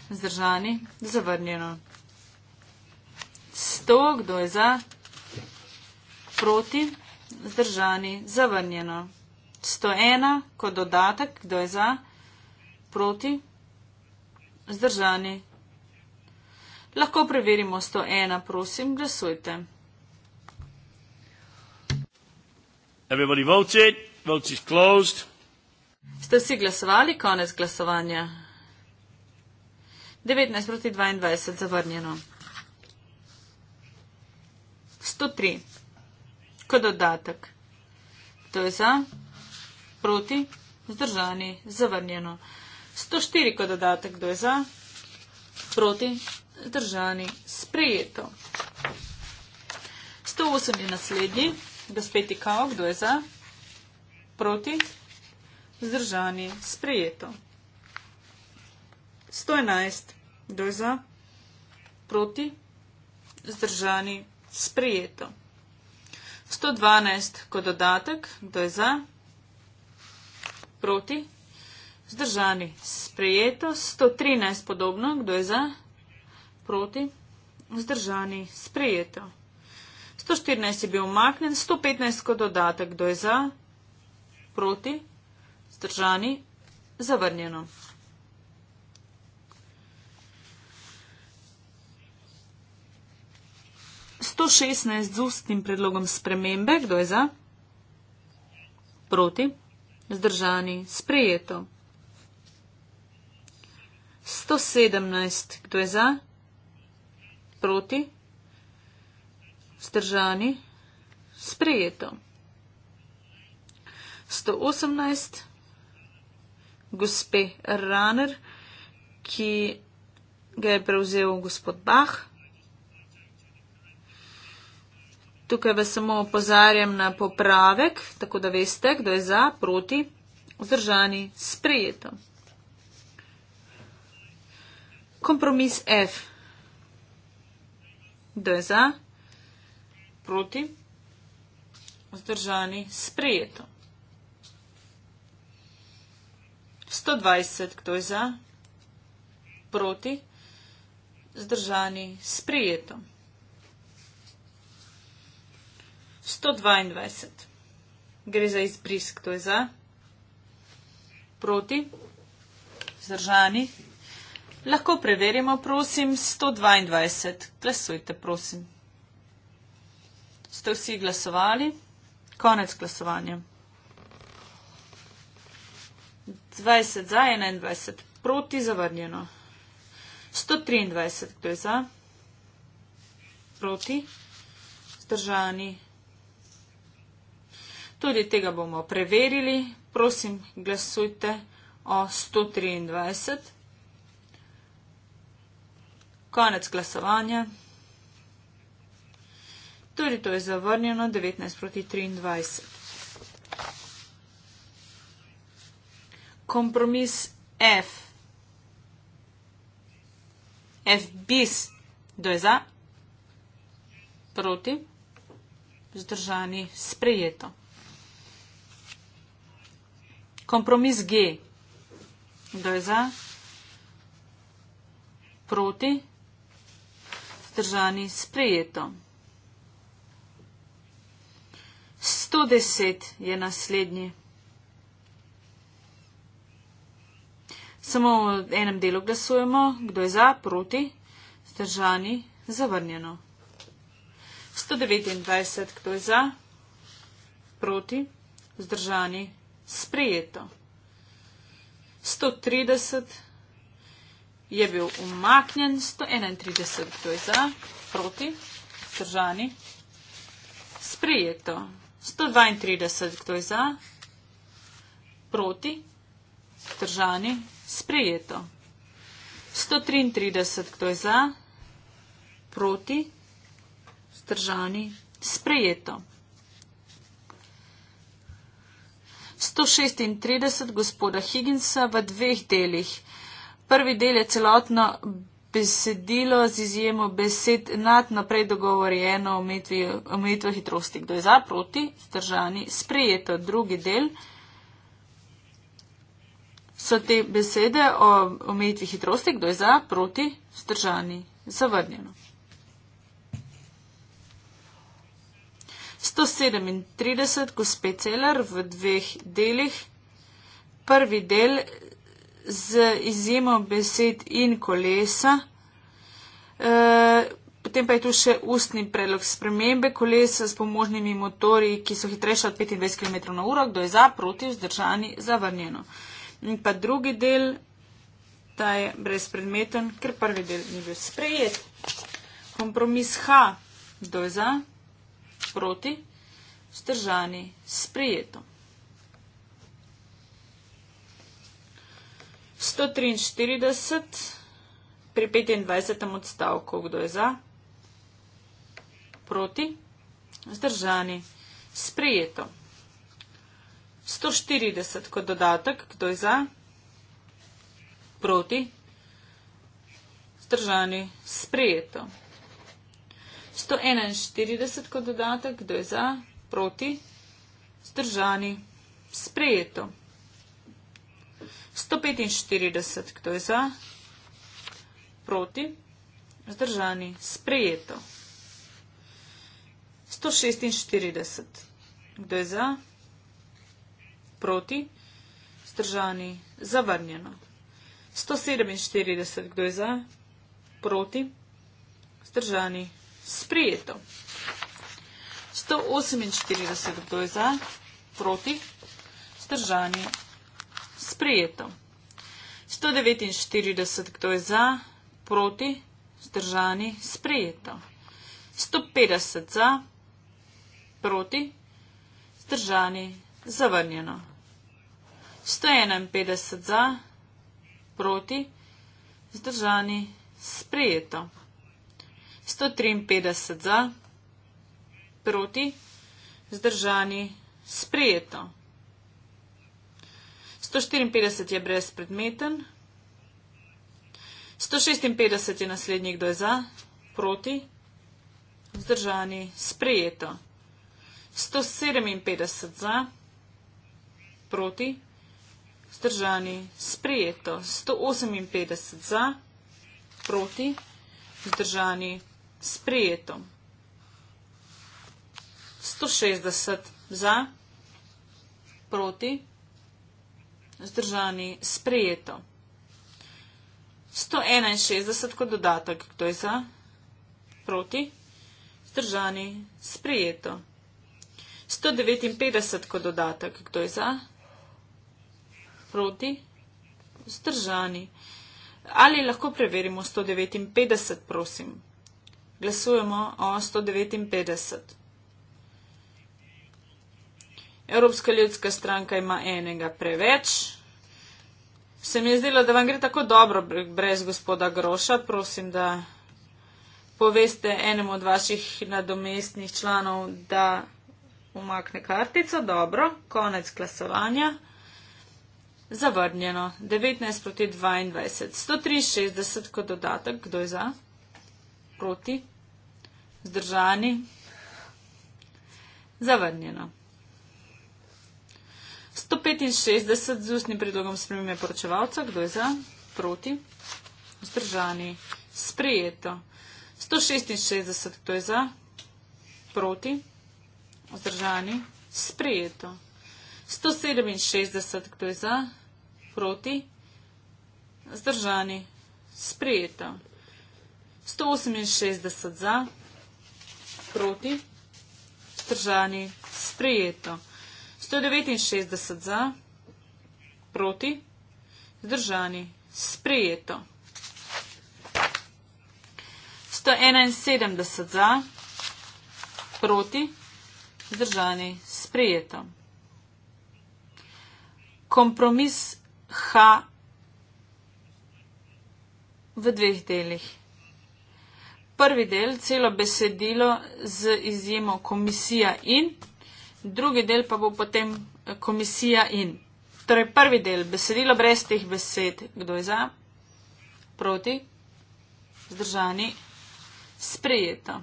zdržani, zavrnjeno. 100, kdo je za, proti, zdržani, zavrnjeno. 101, kot dodatek, kdo je za, proti, zdržani. Lahko preverimo 101, prosim, glasujte. Everybody votes it. Votes is closed. Ste si glasovali konec glasovanja? 19 proti 22 zavrnjeno. 103. Kot dodatek. To je za, proti, zdržani, zavrnjeno. 104. Kot dodatek. To je za, proti, zdržani, sprejeto. 108 je naslednji. Gospe Tikao, kdo je za? Proti? Zdržani. Sprejeto. 111. Kdo je za? Proti? Zdržani. Sprejeto. 112. Kot dodatek. Kdo je za? Proti? Zdržani. Sprejeto. 113. Podobno. Kdo je za? Proti? Zdržani. Sprejeto. 114 je bil omaknen, 115 kot dodatek, kdo je za, proti, zdržani, zavrnjeno. Sto šestnajst z ustnim predlogom spremembe, kdo je za? Proti, zdržani, sprejeto. Sto sedemnajst, kdo je za? Proti, Stržani. Sprejeto. 118. Gospe Runner, ki ga je prevzel gospod Bach. Tukaj vas samo opozarjam na popravek, tako da veste, kdo je za, proti, vzdržani, sprejeto. Kompromis F. Kdo je za, proti, vzdržani, sprejeto. 120, kdo je za, proti, vzdržani, sprejeto. 122, gre za izbris, kdo je za, proti, vzdržani, lahko preverimo, prosim, 122, glasujte, prosim ste vsi glasovali. Konec glasovanja. 20 za, 21 proti, zavrnjeno. 123, kdo je za, proti, zdržani. Tudi tega bomo preverili. Prosim, glasujte o 123. Konec glasovanja. Tudi torej, to je zavrnjeno 19 proti 23. Kompromis F. F bis. Kdo je za? Proti. Zdržani. Sprejeto. Kompromis G. Kdo je za? Proti. Zdržani. Sprejeto sto deset je naslednji. Samo v enem delu glasujemo, kdo je za, proti, zdržani, zavrnjeno. 129, kdo je za, proti, zdržani, sprejeto. 130 je bil umaknjen, 131, kdo je za, proti, zdržani, sprejeto. 132, kdo je za, proti, vzdržani, sprejeto. 133, kdo je za, proti, vzdržani, sprejeto. 136, gospoda Higginsa, v dveh delih. Prvi del je celotno besedilo z izjemo besed nad naprej dogovorjeno omejitvo hitrosti. Kdo je za, proti, zdržani, sprejeto. Drugi del so te besede o omejitvi hitrosti. Kdo je za, proti, zdržani, zavrnjeno. 137, gospe Celer, v dveh delih. Prvi del z izjemo besed in kolesa. E, potem pa je tu še ustni predlog spremembe kolesa s pomožnimi motori, ki so hitrejši od 25 km na uro, kdo je za, proti, vzdržani, zavrnjeno. In pa drugi del, ta je brezpredmeten, ker prvi del ni bil sprejet. Kompromis H, kdo je za, proti, vzdržani, sprejeto. 143 pri 25. odstavku, kdo je za? Proti? Zdržani? Sprejeto. 140 kot dodatek, kdo je za? Proti? Zdržani? Sprejeto. 141 kot dodatek, kdo je za? Proti? Zdržani? Sprejeto. 145, kdo je za? Proti? Zdržani? Sprejeto. 146, kdo je za? Proti? Zdržani? Zavrnjeno. 147, kdo je za? Proti? Zdržani? Sprejeto. 148, kdo je za? Proti? Zdržani? sprejeto. 149, kdo je za, proti, vzdržani, sprejeto. 150 za, proti, vzdržani, zavrnjeno. 151 za, proti, vzdržani, sprejeto. 153 za, proti, vzdržani, sprejeto. 154 je brezpredmeten, 156 je naslednji, kdo je za, proti, vzdržani, sprejeto, 157 za, proti, vzdržani, sprejeto, 158 za, proti, vzdržani, sprejeto, 160 za, proti, vzdržani, sprejeto vzdržani, sprejeto. 161 kot dodatek, kdo je za? Proti. Vzdržani, sprejeto. 159 kot dodatek, kdo je za? Proti. Vzdržani. Ali lahko preverimo 159, prosim? Glasujemo o 159. Evropska ljudska stranka ima enega preveč. Se mi je zdelo, da vam gre tako dobro brez gospoda Groša. Prosim, da poveste enemu od vaših nadomestnih članov, da umakne kartico. Dobro, konec glasovanja. Zavrnjeno. 19 proti 22. 163 kot dodatek. Kdo je za? Proti? Zdržani? Zavrnjeno. 165 z ustnim predlogom spremembe poročevalca, kdo je za, proti, vzdržani, sprejeto. 166, kdo je za, proti, vzdržani, sprejeto. 167, kdo je za, proti, vzdržani, sprejeto. 168 za, proti, vzdržani, sprejeto. 169 za, proti, zdržani, sprejeto. 171 za, proti, zdržani, sprejeto. Kompromis H v dveh delih. Prvi del, celo besedilo z izjemo komisija in komisija drugi del pa bo potem eh, komisija in. Torej, prvi del, besedilo brez teh besed, kdo je za, proti, zdržani, sprejeto.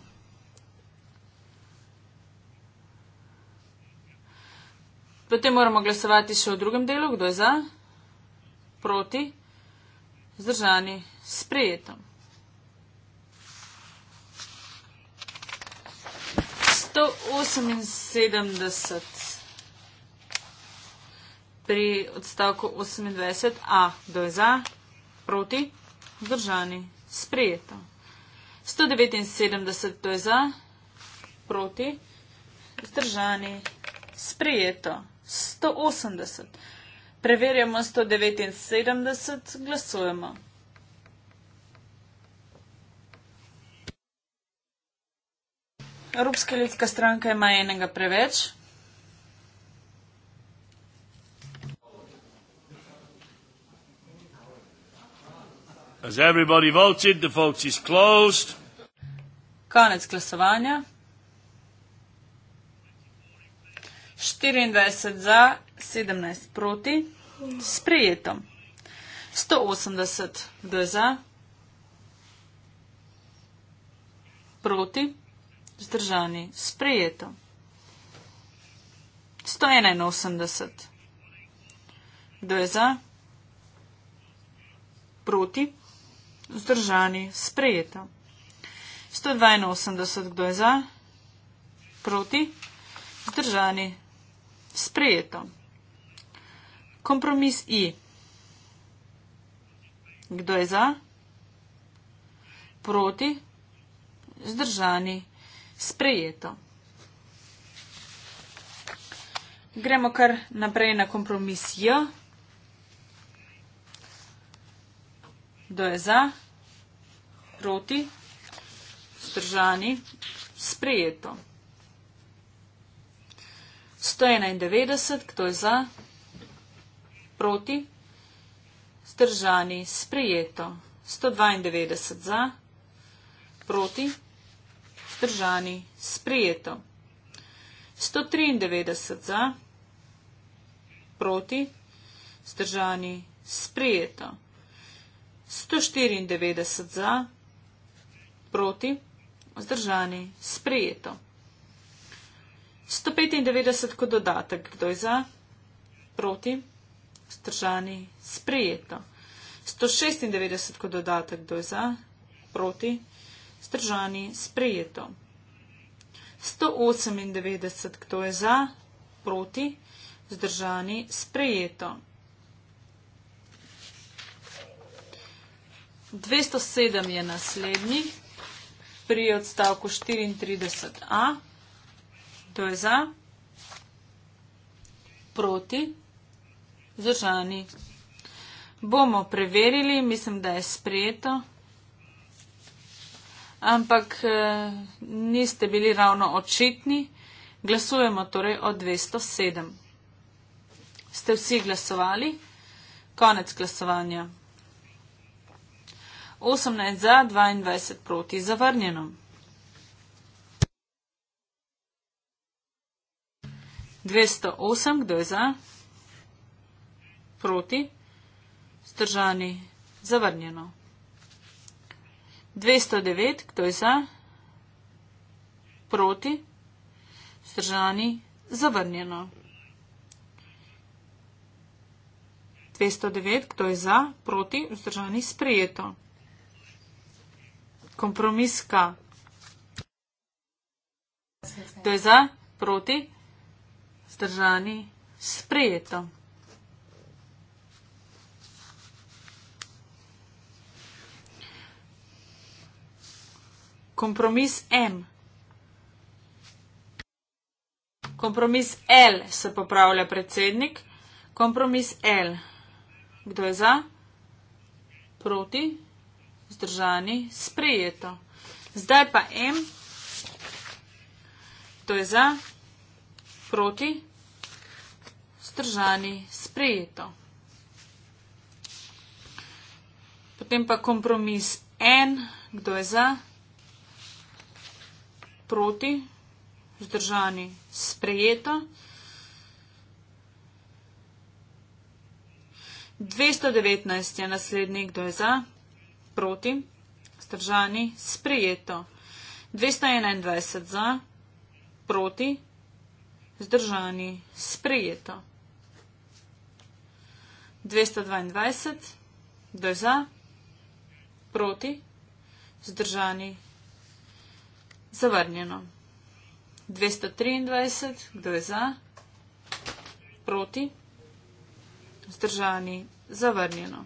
Potem moramo glasovati še v drugem delu, kdo je za, proti, zdržani, sprejeto. 178 pri odstavku 28a, kdo je za, proti, vzdržani, sprijeto. 179, kdo je za, proti, vzdržani, sprijeto. 180. Preverjamo 179, glasujemo. Evropska ljudska stranka ima enega preveč. As everybody voted, the vote is closed. Konec glasovanja. 24 za, 17 proti. Sprijetom. 180 kdo je za? Proti. Zdržani. Sprejeto. 181. Kdo je za? Proti. Zdržani. Sprejeto. 182. Kdo je za? Proti. Zdržani. Sprejeto. Kompromis I. Kdo je za? Proti. Zdržani sprejeto. Gremo kar naprej na kompromis J. Kdo je za? Proti? Zdržani? Sprejeto. 191. Kdo je za? Proti? Zdržani? Sprejeto. 192 za? Proti? vzdržani, sprijeto. 193 za, proti, vzdržani, sprijeto. 194 za, proti, vzdržani, sprijeto. 195 kot dodatek, kdo je za, proti, vzdržani, sprijeto. 196 kot dodatek, kdo je za, proti, vzdržani, sprijeto. Stržani, sprejeto. 198, kdo je za, proti, zdržani, sprejeto. 207 je naslednji, pri odstavku 34a, kdo je za, proti, zdržani. Bomo preverili, mislim, da je sprejeto ampak eh, niste bili ravno očitni. Glasujemo torej o 207. Ste vsi glasovali? Konec glasovanja. 18 za, 22 proti zavrnjenom. 208, kdo je za? Proti? Stržani? Zavrnjeno. 209, kdo je za? Proti? Zdržani? Zavrnjeno. 209, kdo je za? Proti? Zdržani? Sprijeto. Kompromiska. Kdo je za? Proti? Zdržani? Sprijeto. Kompromis M. Kompromis L se popravlja predsednik. Kompromis L. Kdo je za? Proti? Zdržani? Sprejeto. Zdaj pa M. Kdo je za? Proti? Zdržani? Sprejeto. Potem pa kompromis N. Kdo je za? Proti? proti, vzdržani, sprejeta. 219 je naslednji, kdo je za, proti, vzdržani, sprejeto. 221 za, proti, vzdržani, sprejeto. 222, kdo je za, proti, vzdržani, sprejeto. Zavrnjeno. 223, kdo je za? Proti? Zdržani? Zavrnjeno.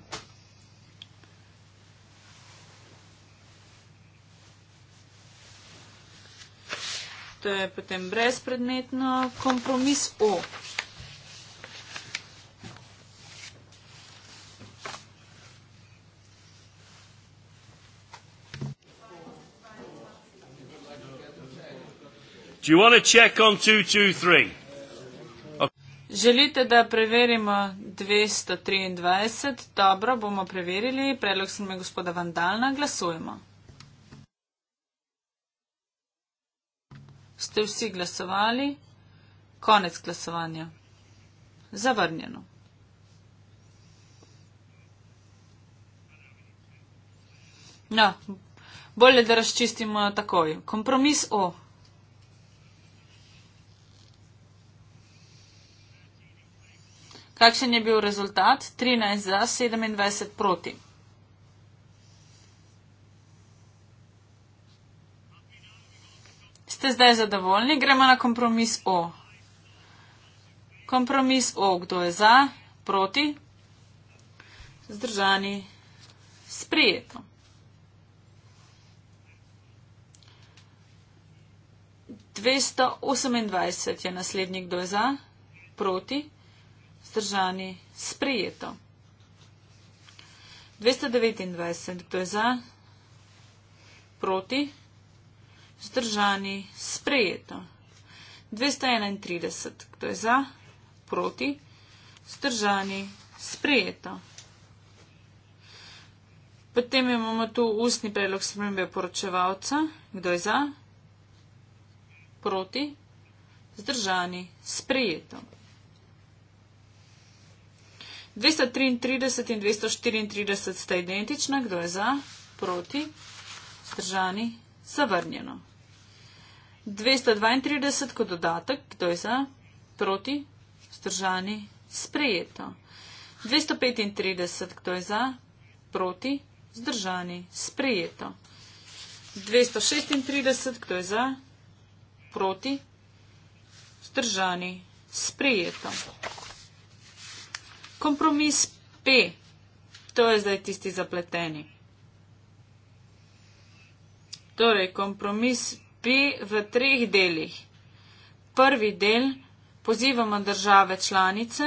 To je potem brezpredmetno. Kompromis O. Do you want to check on 223? Želite, da preverimo 223? Dobro, bomo preverili. Predlog sem je gospoda Vandalna. Glasujemo. Ste vsi glasovali? Konec glasovanja. Zavrnjeno. No, bolje, da razčistimo takoj. Kompromis O. Kakšen je bil rezultat? 13 za, 27 proti. Ste zdaj zadovoljni? Gremo na kompromis O. Kompromis O, kdo je za, proti, zdržani, sprijeto. Dvesto osemindvajset je naslednji, kdo je za, proti vzdržani, sprejeto. 229, kdo je za, proti, vzdržani, sprejeto. 231, kdo je za, proti, vzdržani, sprejeto. Potem imamo tu ustni predlog spremembe poročevalca, kdo je za, proti, vzdržani, sprejeto. 233 in 234 sta identična, kdo je za, proti, vzdržani, zavrnjeno. 232 kot dodatek, kdo je za, proti, vzdržani, sprejeto. 235 kdo je za, proti, vzdržani, sprejeto. 236 kdo je za, proti, vzdržani, sprejeto kompromis P, to je zdaj tisti zapleteni. Torej, kompromis P v treh delih. Prvi del pozivamo države članice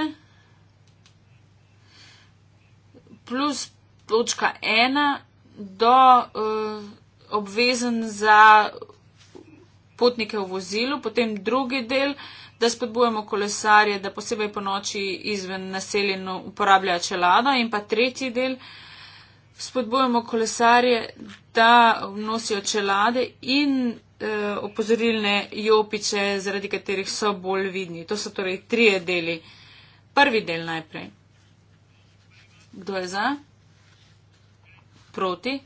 plus točka ena do uh, obvezen za potnike v vozilu, potem drugi del uh, da spodbujamo kolesarje, da posebej po noči izven naseljeno uporabljajo čelado in pa tretji del, spodbujamo kolesarje, da nosijo čelade in eh, opozorilne jopiče, zaradi katerih so bolj vidni. To so torej trije deli. Prvi del najprej. Kdo je za? Proti?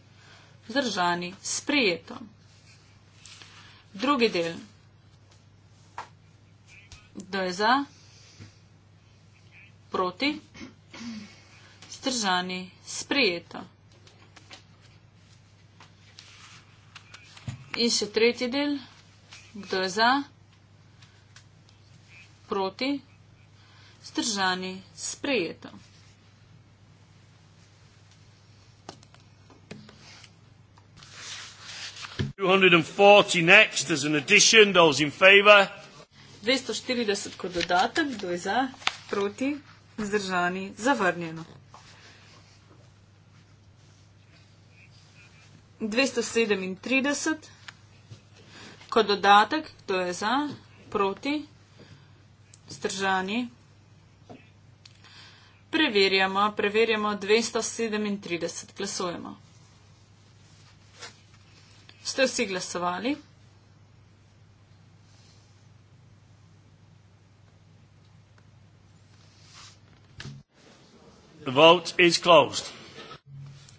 Zdržani? Sprijeto. Drugi del. Kdo je za? Proti? Stržani? Sprijeto. In še tretji del. Kdo je za? Proti? Stržani? Sprijeto. Two hundred and forty next as an addition, those in favour. 240 kot dodatek, kdo je za, proti, zdržani, zavrnjeno. 237 kot dodatek, kdo je za, proti, zdržani. Preverjamo, preverjamo 237, glasujemo. Ste vsi glasovali?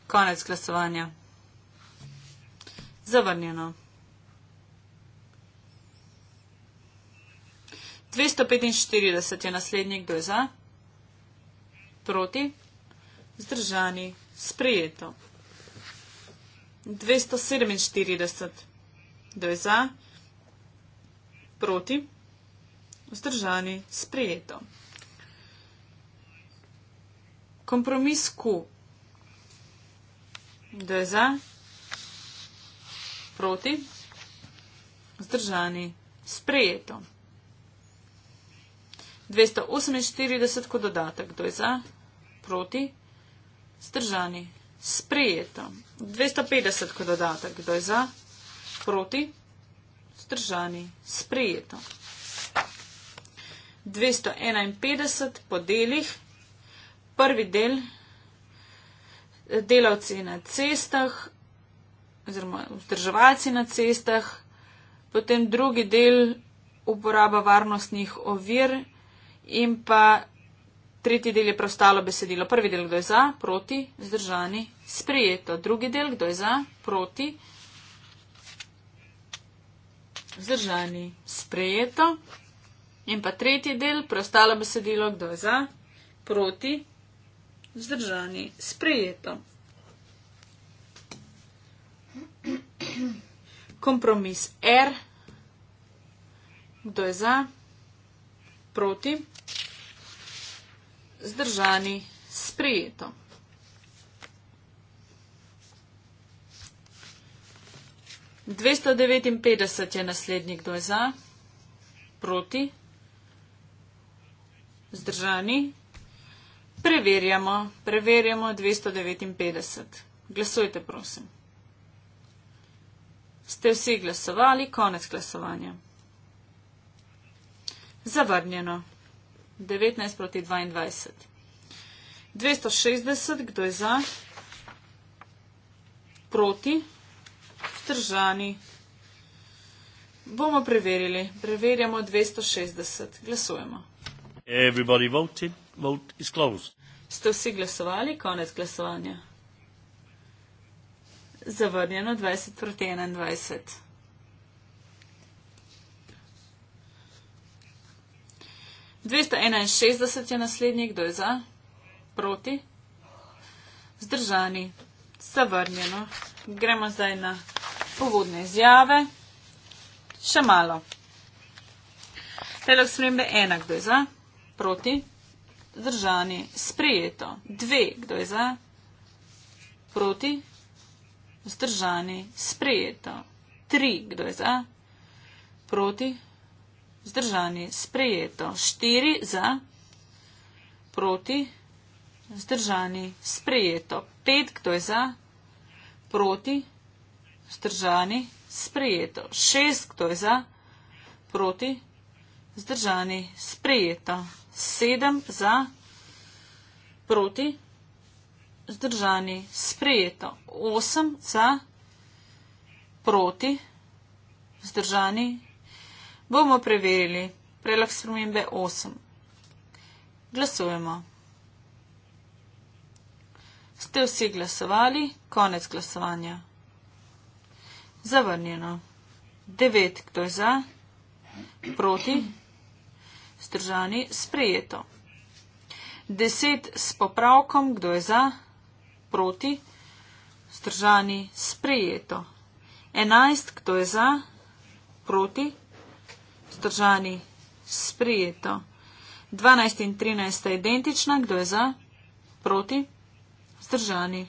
Konec glasovanja. Zavrnjeno. 245 je naslednji, kdo je za, proti, zdržani, sprejeto. 247, kdo je za, proti, zdržani, sprejeto. Компромисс Q. D за. Проти. Сдержани. Спрето. 248 ко додаток. Кто за? Проти. Сдержани. Спрето. 250 ко додаток. Кто за? Проти. Сдержани. Спрето. 251 по делих prvi del, delavci na cestah, oziroma vzdrževalci na cestah, potem drugi del, uporaba varnostnih ovir in pa tretji del je preostalo besedilo. Prvi del, kdo je za, proti, zdržani, sprijeto. Drugi del, kdo je za, proti, zdržani, sprijeto. In pa tretji del, preostalo besedilo, kdo je za, proti, zdržani. Zdržani. Sprejeto. Kompromis R. Kdo je za? Proti. Zdržani. Sprejeto. Dvesto devetinpetdeset je naslednji, kdo je za, proti, zdržani. Preverjamo, preverjamo 259. Glasujte, prosim. Ste vsi glasovali, konec glasovanja. Zavrnjeno. 19 proti 22. 260, kdo je za? Proti? Vzdržani? Bomo preverili. Preverjamo 260. Glasujemo. Everybody voted vote is closed. Ste vsi glasovali konec glasovanja? Zavrnjeno 20 proti 21. Dvesto enainšestdeset je naslednji, kdo je za? Proti? Zdržani? Zavrnjeno. Gremo zdaj na povodne izjave. Še malo. Predlog spremembe ena, kdo je za? Proti? vzdržani, sprejeto. Dve, kdo je za? Proti, vzdržani, sprejeto. Tri, kdo je za? Proti, vzdržani, sprejeto. Štiri, za? Proti, vzdržani, sprejeto. Pet, kdo je za? Proti, vzdržani, sprejeto. Šest, kdo je za? Proti, vzdržani, sprejeto. 7 za, proti, zdržani, sprejeto. 8 za, proti, zdržani. Bomo preverili. Prelah spremembe 8. Glasujemo. Ste vsi glasovali? Konec glasovanja. Zavrnjeno. 9, kdo je za? Proti? Združani sprejeto. Deset s popravkom, kdo je za, proti, združani sprejeto. Enajst, kdo je za, proti, združani sprejeto. Dvanajst in trinajsta identična, kdo je za, proti, združani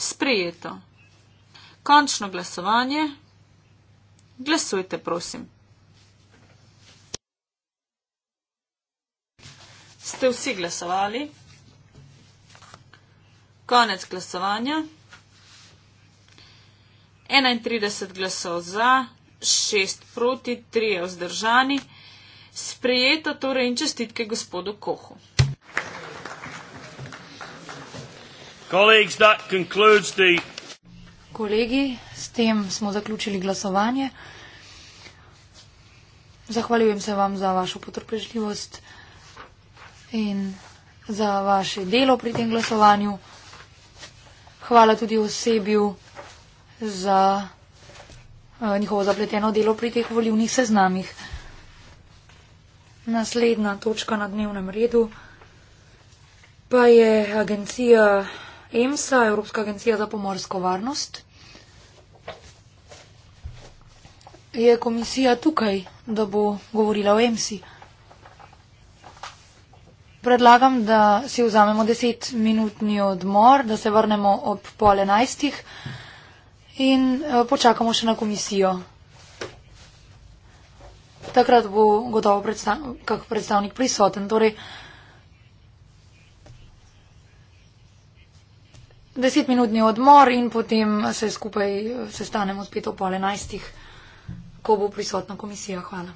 sprejeto. Končno glasovanje. Glasujte, prosim. ste vsi glasovali. Konec glasovanja. 31 glasov za, 6 proti, 3 je vzdržani. Sprejeto torej in čestitke gospodu Kohu. Kolegi, s tem smo zaključili glasovanje. Zahvaljujem se vam za vašo potrpežljivost in za vaše delo pri tem glasovanju. Hvala tudi osebju za eh, njihovo zapleteno delo pri teh volivnih seznamih. Naslednja točka na dnevnem redu pa je agencija EMSA, Evropska agencija za pomorsko varnost. Je komisija tukaj, da bo govorila o EMSI? Predlagam, da si vzamemo desetminutni odmor, da se vrnemo ob pol enajstih in eh, počakamo še na komisijo. Takrat bo gotovo predstav, kak predstavnik prisoten. Torej, desetminutni odmor in potem se skupaj eh, sestanemo spet ob pol enajstih, ko bo prisotna komisija. Hvala.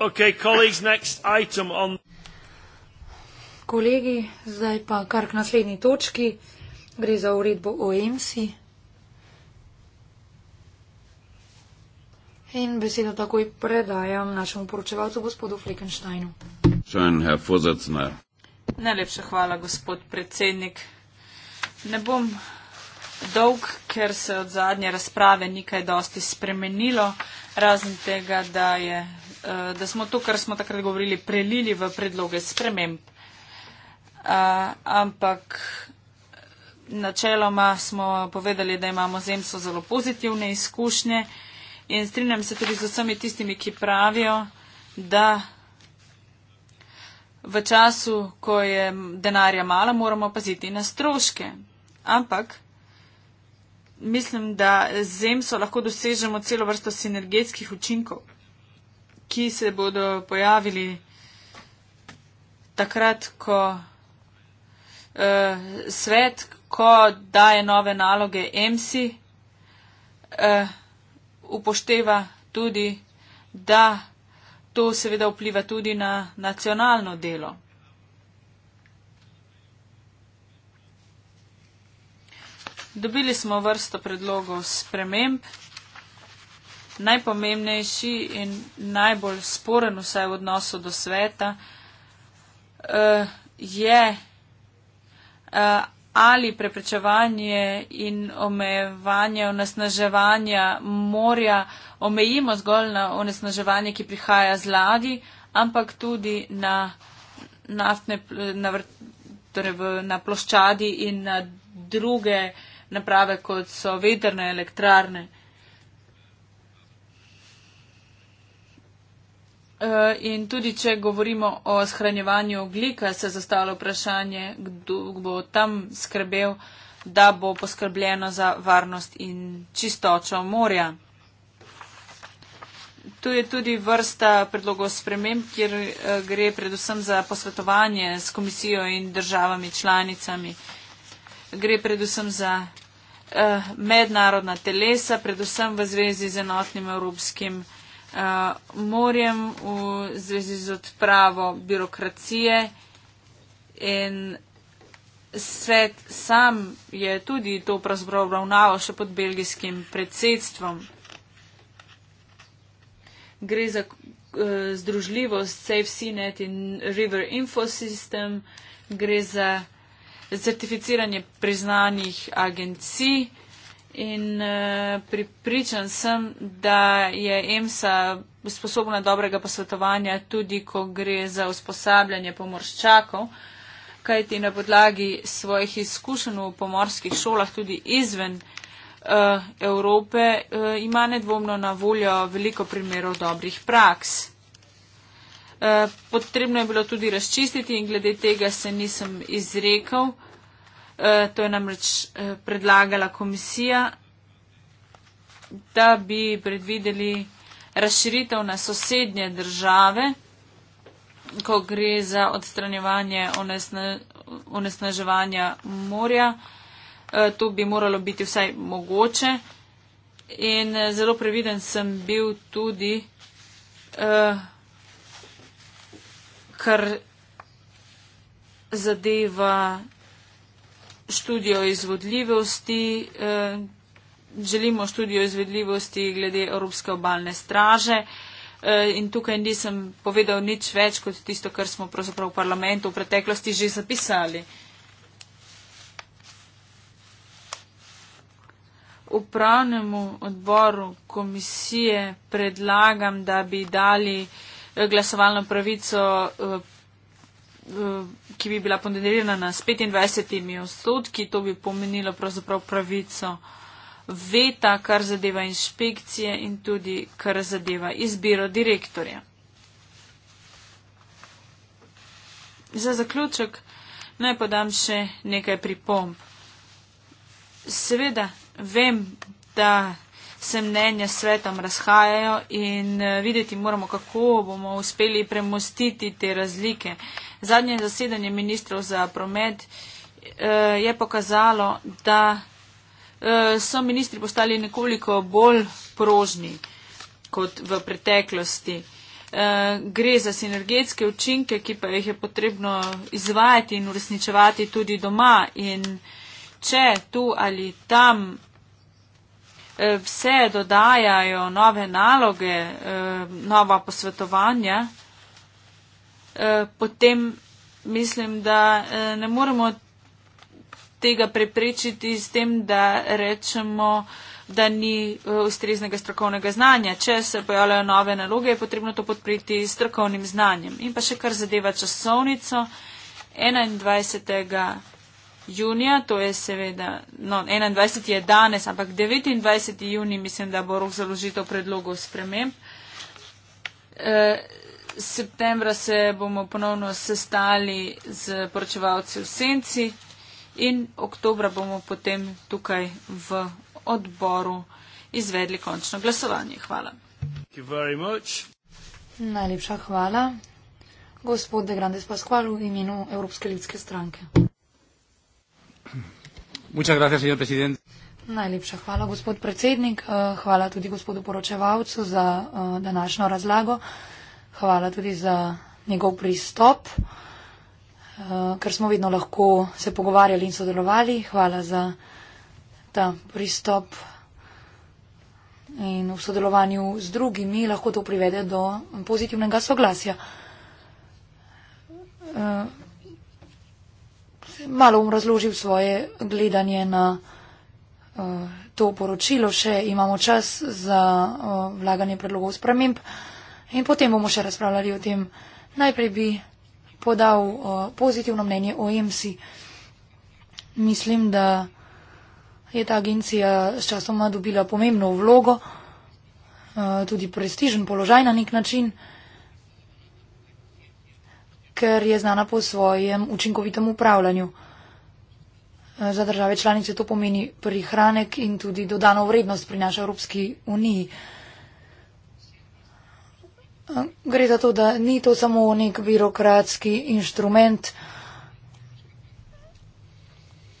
Okay, colleagues, next item on. Kolegi, zdaj pa kar k naslednji točki. Gre za uredbo o EMSI. In besedo takoj predajam našemu poročevalcu, gospodu Flekensteinu. Najlepša hvala, gospod predsednik. Ne bom dolg, ker se od zadnje razprave nikaj dosti spremenilo, razen tega, da je Eh, da smo to, kar smo takrat govorili, prelili v predloge sprememb. Eh, ampak načeloma smo povedali, da imamo z EMSO zelo pozitivne izkušnje in strinjam se tudi z vsemi tistimi, ki pravijo, da v času, ko je denarja malo, moramo paziti na stroške. Ampak mislim, da z EMSO lahko dosežemo celo vrsto sinergetskih učinkov ki se bodo pojavili takrat, ko uh, svet, ko daje nove naloge EMSI, uh, upošteva tudi, da to seveda vpliva tudi na nacionalno delo. Dobili smo vrsto predlogov sprememb najpomembnejši in najbolj sporen vsaj v odnosu do sveta, uh, je uh, ali preprečevanje in omejevanje onesnaževanja morja omejimo zgolj na onesnaževanje, ki prihaja z ladi, ampak tudi na naftne, na, torej v, na ploščadi in na druge naprave, kot so vedrne elektrarne. Eh, in tudi, če govorimo o shranjevanju oglika, se zastavlja vprašanje, kdo bo tam skrbel, da bo poskrbljeno za varnost in čistočo morja. Tu je tudi vrsta predlogov sprememb, kjer eh, gre predvsem za posvetovanje s komisijo in državami članicami. Gre predvsem za eh, mednarodna telesa, predvsem v zvezi z enotnim evropskim. Uh, morjem v zvezi z odpravo birokracije in svet sam je tudi to pravzaprav obravnaval še pod belgijskim predsedstvom. Gre za uh, združljivost SafeCNet in River Infosystem, gre za certificiranje priznanih agencij. In uh, pripričan sem, da je EMSA sposobna dobrega posvetovanja tudi, ko gre za usposabljanje pomorščakov, kajti na podlagi svojih izkušenj v pomorskih šolah tudi izven uh, Evrope uh, ima nedvomno na voljo veliko primerov dobrih praks. Uh, potrebno je bilo tudi razčistiti in glede tega se nisem izrekel. Eh, to je namreč eh, predlagala komisija, da bi predvideli razširitev na sosednje države, ko gre za odstranjevanje onesnaževanja morja. Eh, to bi moralo biti vsaj mogoče. In zelo previden sem bil tudi, kar zadeva študijo izvodljivosti, eh, želimo študijo izvedljivosti glede Evropske obalne straže. Eh, in tukaj nisem povedal nič več kot tisto, kar smo pravzaprav v parlamentu v preteklosti že zapisali. Upravnemu odboru komisije predlagam, da bi dali eh, glasovalno pravico Eh, ki bi bila ponderirana s 25 odstotki, to bi pomenilo pravzaprav pravico veta, kar zadeva inšpekcije in tudi kar zadeva izbiro direktorja. Za zaključek naj podam še nekaj pripomb. Seveda vem, da se mnenja svetom razhajajo in eh, videti moramo, kako bomo uspeli premostiti te razlike. Uh, Zadnje zasedanje ministrov za promet eh, je pokazalo, da eh, so ministri postali nekoliko bolj prožni kot v preteklosti. Eh, gre za sinergetske učinke, ki pa jih je potrebno izvajati in uresničevati tudi doma. In če tu ali tam vse dodajajo nove naloge, nova posvetovanja, Eh, potem mislim, da eh, ne moremo tega preprečiti s tem, da rečemo, da ni eh, ustreznega strokovnega znanja. Če se pojavljajo nove naloge, je potrebno to podpreti s strokovnim znanjem. In pa še kar zadeva časovnico 21. junija, to je seveda, no 21. je danes, ampak 29. juni mislim, da bo rok založitev predlogov sprememb septembra se bomo ponovno sestali z poročevalci v Senci in oktobra bomo potem tukaj v odboru izvedli končno glasovanje. Hvala. Najlepša hvala. Gospod De Grandes Pasqual v imenu Evropske ljudske stranke. Gracias, Najlepša hvala, gospod predsednik. Eh, hvala tudi gospodu poročevalcu za eh, današnjo razlago hvala tudi za njegov pristop, eh, ker smo vedno lahko se pogovarjali in sodelovali. Hvala za ta pristop in v sodelovanju z drugimi lahko to privede do pozitivnega soglasja. Eh, malo bom razložil svoje gledanje na eh, to poročilo, še imamo čas za vlaganje predlogov sprememb. In potem bomo še razpravljali o tem. Najprej bi podal uh, pozitivno mnenje o EMSI. Mislim, da je ta agencija s časoma dobila pomembno vlogo, uh, tudi prestižen položaj na nek način, ker je znana po svojem učinkovitem upravljanju. E, za države članice to pomeni prihranek in tudi dodano vrednost prinaša Evropski uniji. Uh, Gre za to, da ni to samo nek birokratski inštrument,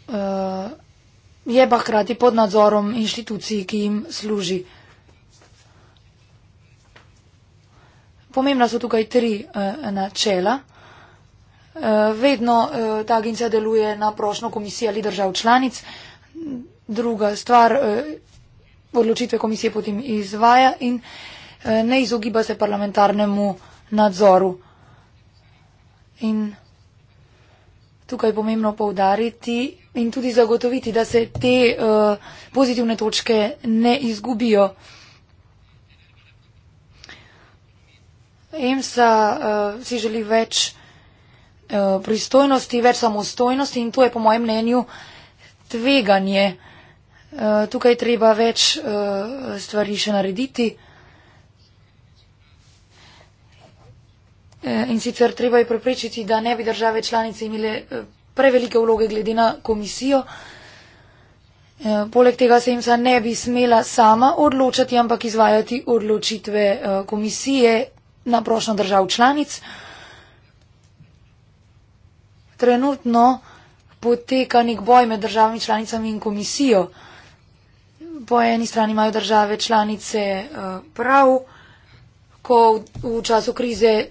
eh, je pa hkrati pod nadzorom inštitucij, ki jim služi. Pomembna so tukaj tri eh, načela. Eh, vedno ta agencija deluje na prošno komisije ali držav članic. Druga stvar, odločitve komisije potem izvaja in. Eh, ne izogiba se parlamentarnemu nadzoru. In tukaj je pomembno povdariti in tudi zagotoviti, da se te uh, pozitivne točke ne izgubijo. EMSA uh, si želi več uh, pristojnosti, več samostojnosti in to je po mojem mnenju tveganje. Uh, tukaj treba več uh, stvari še narediti. Eh, in sicer treba je preprečiti, da ne bi države članice imele eh, prevelike vloge glede na komisijo. Eh, poleg tega se jim sa ne bi smela sama odločati, ampak izvajati odločitve komisije na prošnjo držav članic. Trenutno poteka nek boj med državami članicami in komisijo. Po eni strani imajo države članice prav, ko v času krize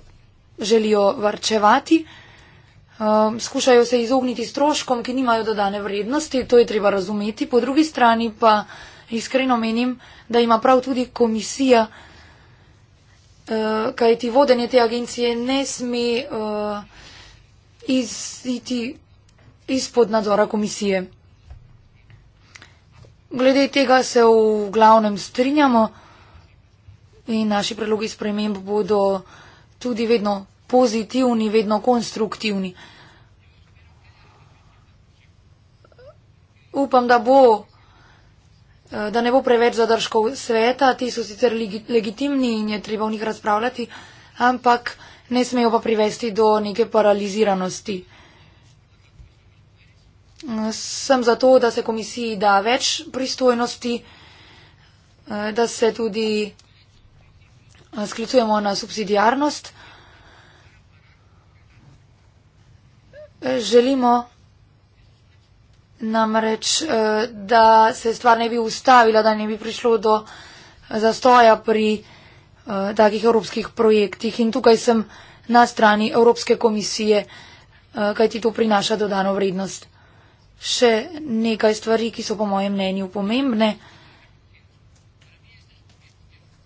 želijo varčevati, um, skušajo se izogniti stroškom, ki nimajo dodane vrednosti, to je treba razumeti. Po drugi strani pa iskreno menim, da ima prav tudi komisija, uh, kaj ti vodenje te agencije ne sme uh, iziti izpod nadzora komisije. Glede tega se v glavnem strinjamo in naši predlogi sprememb bodo tudi vedno pozitivni, vedno konstruktivni. Upam, da, bo, eh, da ne bo preveč zadržkov sveta, ti so sicer legitimni in je treba o njih razpravljati, ampak ne smejo pa privesti do neke paraliziranosti. Eh, sem zato, da se komisiji da več pristojnosti, eh, da se tudi sklicujemo na subsidijarnost. Želimo namreč, eh, da se stvar ne bi ustavila, da ne bi prišlo do zastoja pri eh, takih evropskih projektih. In tukaj sem na strani Evropske komisije, eh, kaj ti to prinaša dodano vrednost. Še nekaj stvari, ki so po mojem mnenju pomembne.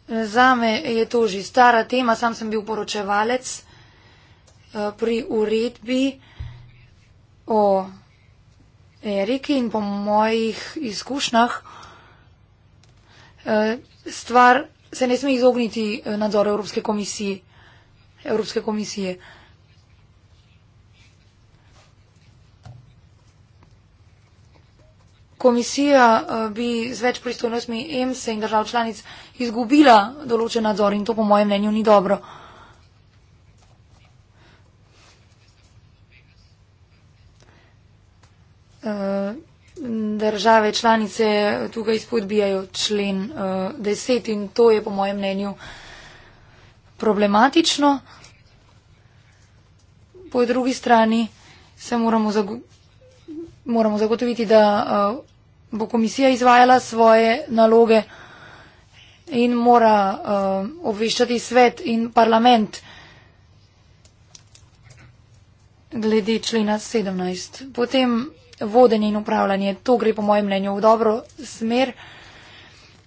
Zame je to že stara tema, sam sem bil poročevalec eh, pri uredbi o Eriki in po mojih izkušnjah eh, stvar se ne sme izogniti eh, nadzor Evropske komisije. Evropske komisije. komisija eh, bi z več pristojnostmi EMS-a in držav članic izgubila določen nadzor in to po mojem mnenju ni dobro. Eh, države članice tukaj spodbijajo člen 10 eh, in to je po mojem mnenju problematično. Po drugi strani se moramo, zago moramo zagotoviti, da uh, bo komisija izvajala svoje naloge in mora uh, obveščati svet in parlament glede člena 17. Potem vodenje in upravljanje, to gre po mojem mnenju v dobro smer,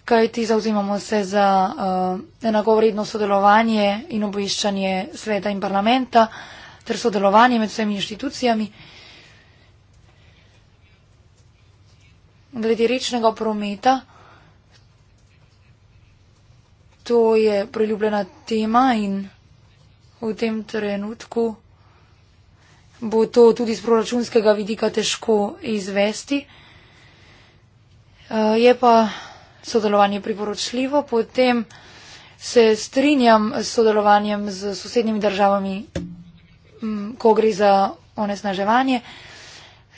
kajti zauzimamo se za uh, enakovredno sodelovanje in obveščanje sveta in parlamenta ter sodelovanje med vsemi inštitucijami. glede rečnega prometa. To je priljubljena tema in v tem trenutku bo to tudi z proračunskega vidika težko izvesti. Eh, je pa sodelovanje priporočljivo, potem se strinjam s sodelovanjem z sosednjimi državami, mm, ko gre za onesnaževanje.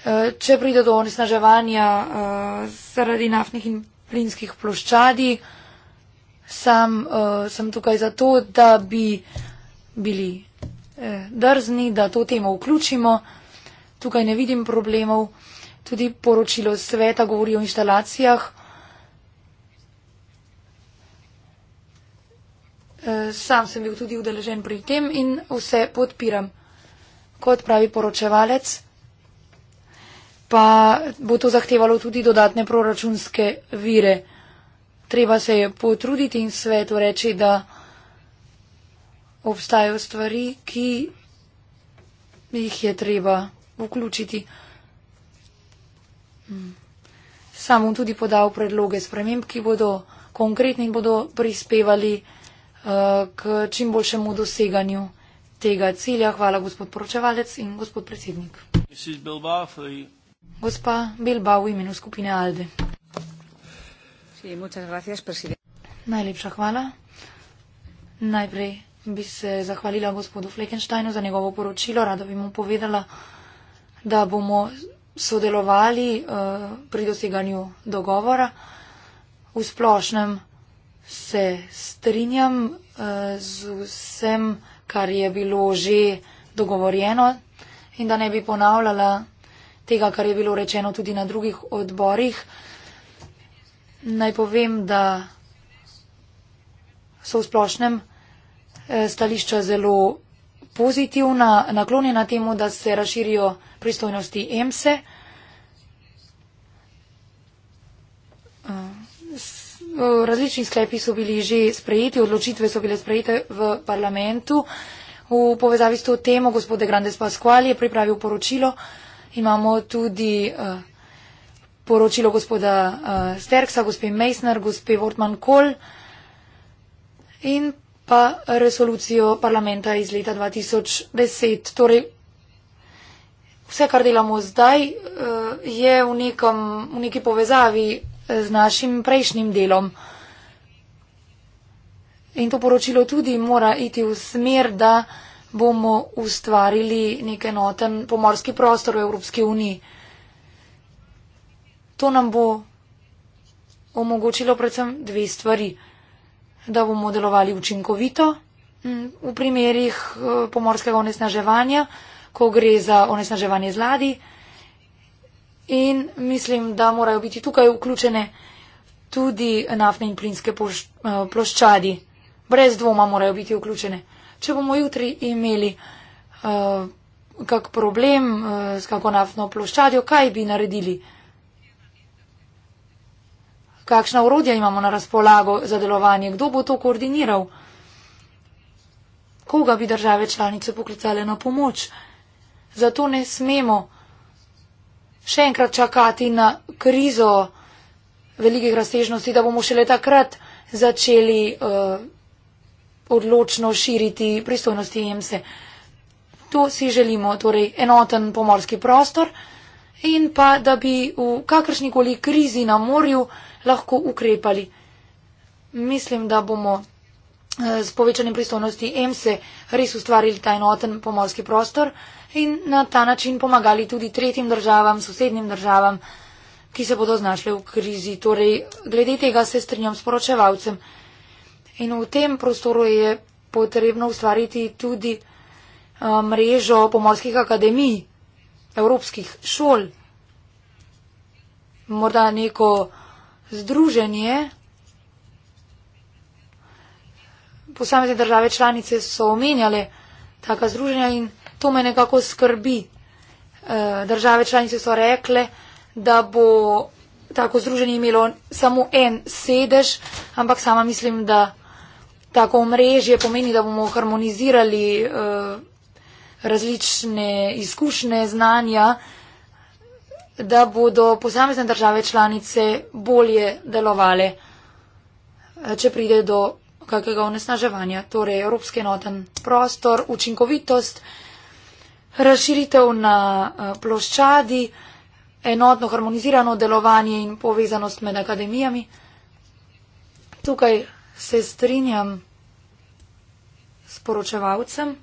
Eh, če pride do onesnaževanja eh, zaradi naftnih in plinskih ploščadi. Sam uh, sem tukaj zato, da bi bili eh, drzni, da to temo vključimo. Tukaj ne vidim problemov. Tudi poročilo sveta govori o inštalacijah. Eh, sam sem bil tudi udeležen pri tem in vse podpiram. Kot pravi poročevalec pa bo to zahtevalo tudi dodatne proračunske vire. Treba se je potruditi in svetu reči, da obstajajo stvari, ki jih je treba vključiti. Hmm. Sam bom tudi podal predloge sprememb, ki bodo konkretni in bodo prispevali uh, k čim boljšemu doseganju tega cilja. Hvala, gospod poročevalec in gospod predsednik. Gospa Bilba v imenu skupine Alde. Najlepša hvala. Najprej bi se zahvalila gospodu Fleckensteinu za njegovo poročilo. Rada bi mu povedala, da bomo sodelovali uh, pri doseganju dogovora. V splošnem se strinjam uh, z vsem, kar je bilo že dogovorjeno in da ne bi ponavljala tega, kar je bilo rečeno tudi na drugih odborih. Naj povem, da so v splošnem eh, stališča zelo pozitivna, naklonjena temu, da se razširijo pristojnosti EMSE. Eh, različni sklepi so bili že sprejeti, odločitve so bile sprejete v parlamentu. V povezavi s to temo gospode Grandes Pasquali je pripravil poročilo imamo tudi eh, poročilo gospoda eh, Sterksa, gospe Meissner, gospe Wortmann-Kohl in pa resolucijo parlamenta iz leta 2010. Torej, vse, kar delamo zdaj, eh, je v, nekom, v neki povezavi z našim prejšnjim delom. In to poročilo tudi mora iti v smer, da bomo ustvarili nek enoten pomorski prostor v Evropski uniji. To nam bo omogočilo predvsem dve stvari. Da bomo delovali učinkovito mm, v primerih eh, pomorskega onesnaževanja, ko gre za onesnaževanje zladi. In mislim, da morajo biti tukaj vključene tudi naftne in plinske eh, ploščadi. Brez dvoma morajo biti vključene če bomo jutri imeli uh, kak problem uh, eh, z kako naftno ploščadjo, kaj bi naredili? Kakšna urodja imamo na razpolago za delovanje? Kdo bo to koordiniral? Koga bi države članice poklicale na pomoč? Zato ne smemo še enkrat čakati na krizo velikih razsežnosti, da bomo šele takrat začeli. Uh, odločno širiti pristojnosti EMS-e. To si želimo, torej enoten pomorski prostor in pa, da bi v kakršnikoli krizi na morju lahko ukrepali. Mislim, da bomo eh, s povečanjem pristojnosti EMS-e res ustvarili ta enoten pomorski prostor in na ta način pomagali tudi tretjim državam, sosednjim državam, ki se bodo znašle v krizi. Torej, glede tega se strinjam s poročevalcem. In v tem prostoru je potrebno ustvariti tudi eh, mrežo pomorskih akademij, evropskih šol, morda neko združenje. Posamezne države članice so omenjale taka združenja in to me nekako skrbi. Eh, države članice so rekle, da bo tako združenje imelo samo en sedež, ampak sama mislim, da tako omrežje pomeni, da bomo harmonizirali eh, različne izkušnje, znanja, da bodo posamezne države članice bolje delovale, eh, če pride do kakega onesnaževanja. Torej, evropski enoten prostor, učinkovitost, razširitev na eh, ploščadi, enotno harmonizirano delovanje in povezanost med akademijami. Tukaj se strinjam s poročevalcem.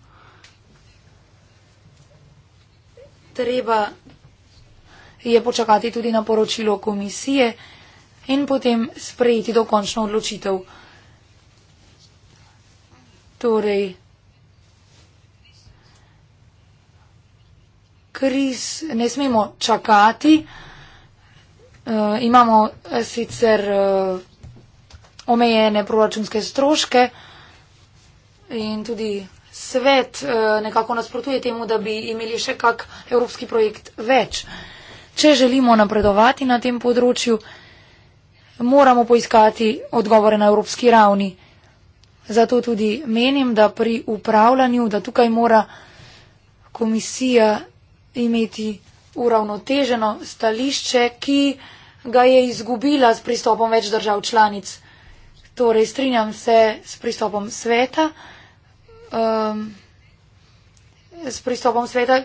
Treba je počakati tudi na poročilo komisije in potem sprejeti dokončno odločitev. Torej, kriz ne smemo čakati. Uh, imamo sicer. Uh, omejene proračunske stroške in tudi svet eh, nekako nasprotuje temu, da bi imeli še kak evropski projekt več. Če želimo napredovati na tem področju, moramo poiskati odgovore na evropski ravni. Zato tudi menim, da pri upravljanju, da tukaj mora komisija imeti uravnoteženo stališče, ki ga je izgubila s pristopom več držav članic. Torej, strinjam se s pristopom sveta. Um, s pristopom sveta,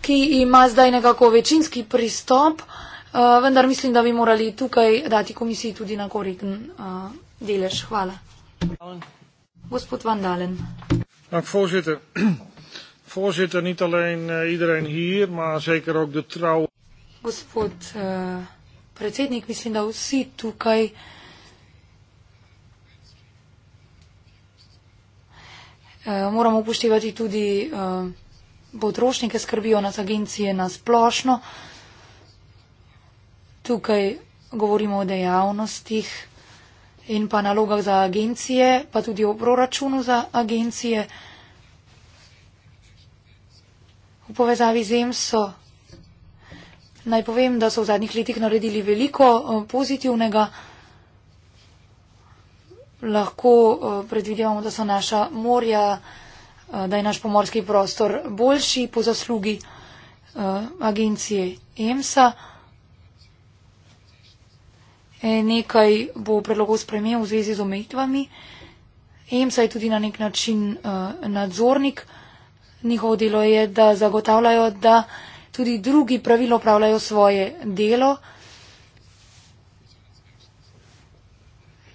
ki ima zdaj nekako večinski pristop, uh, vendar mislim, da bi morali tukaj dati komisiji tudi na korekten uh, delež. Hvala. Gospod Vandalen. Dank, voorzitter. voorzitter, niet alleen uh, iedereen hier, maar zeker ook de trouw. Gospod uh, predsednik, mislim, da vsi tukaj uh, Eh, moramo upoštevati tudi eh, potrošnike, skrbijo nas agencije na splošno. Tukaj govorimo o dejavnostih in pa nalogah za agencije, pa tudi o proračunu za agencije. V povezavi z EMSO naj povem, da so v zadnjih letih naredili veliko eh, pozitivnega lahko eh, predvidevamo, da so naša morja, eh, da je naš pomorski prostor boljši po zaslugi eh, agencije EMSA. E, nekaj bo predlogov spremenil v zvezi z omejitvami. EMSA je tudi na nek način nadzornik. Njihovo delo je, da zagotavljajo, da tudi drugi pravilno upravljajo svoje delo.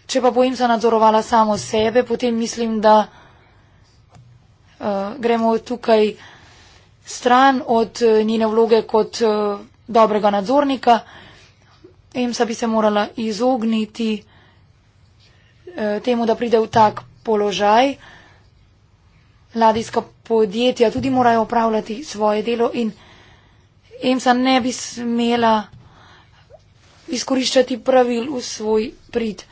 Če pa bojim se nadzorovala samo sebe, potem mislim, da uh, gremo tukaj stran od eh, njene vloge kot uh, dobrega nadzornika. EMSA bi se morala izogniti uh, temu, da pride v tak položaj. Ladijska podjetja tudi morajo upravljati svoje delo in EMSA ne bi smela izkoriščati pravil v svoj prid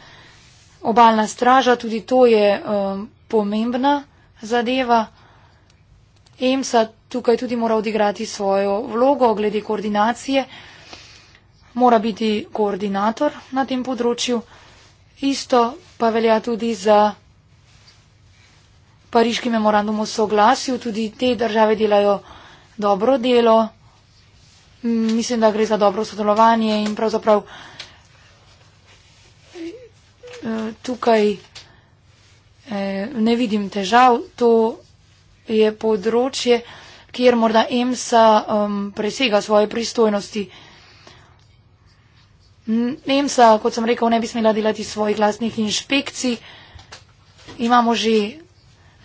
obaljna straža, tudi to je um, pomembna zadeva. EMSA tukaj tudi mora odigrati svojo vlogo glede koordinacije, mora biti koordinator na tem področju. Isto pa velja tudi za Pariški memorandum o soglasju, tudi te države delajo dobro delo. Mislim, da gre za dobro sodelovanje in pravzaprav. Eh, tukaj eh, ne vidim težav. To je področje, kjer morda EMSA um, presega svoje pristojnosti. EMSA, kot sem rekel, ne bi smela delati svojih vlastnih inšpekcij. Imamo že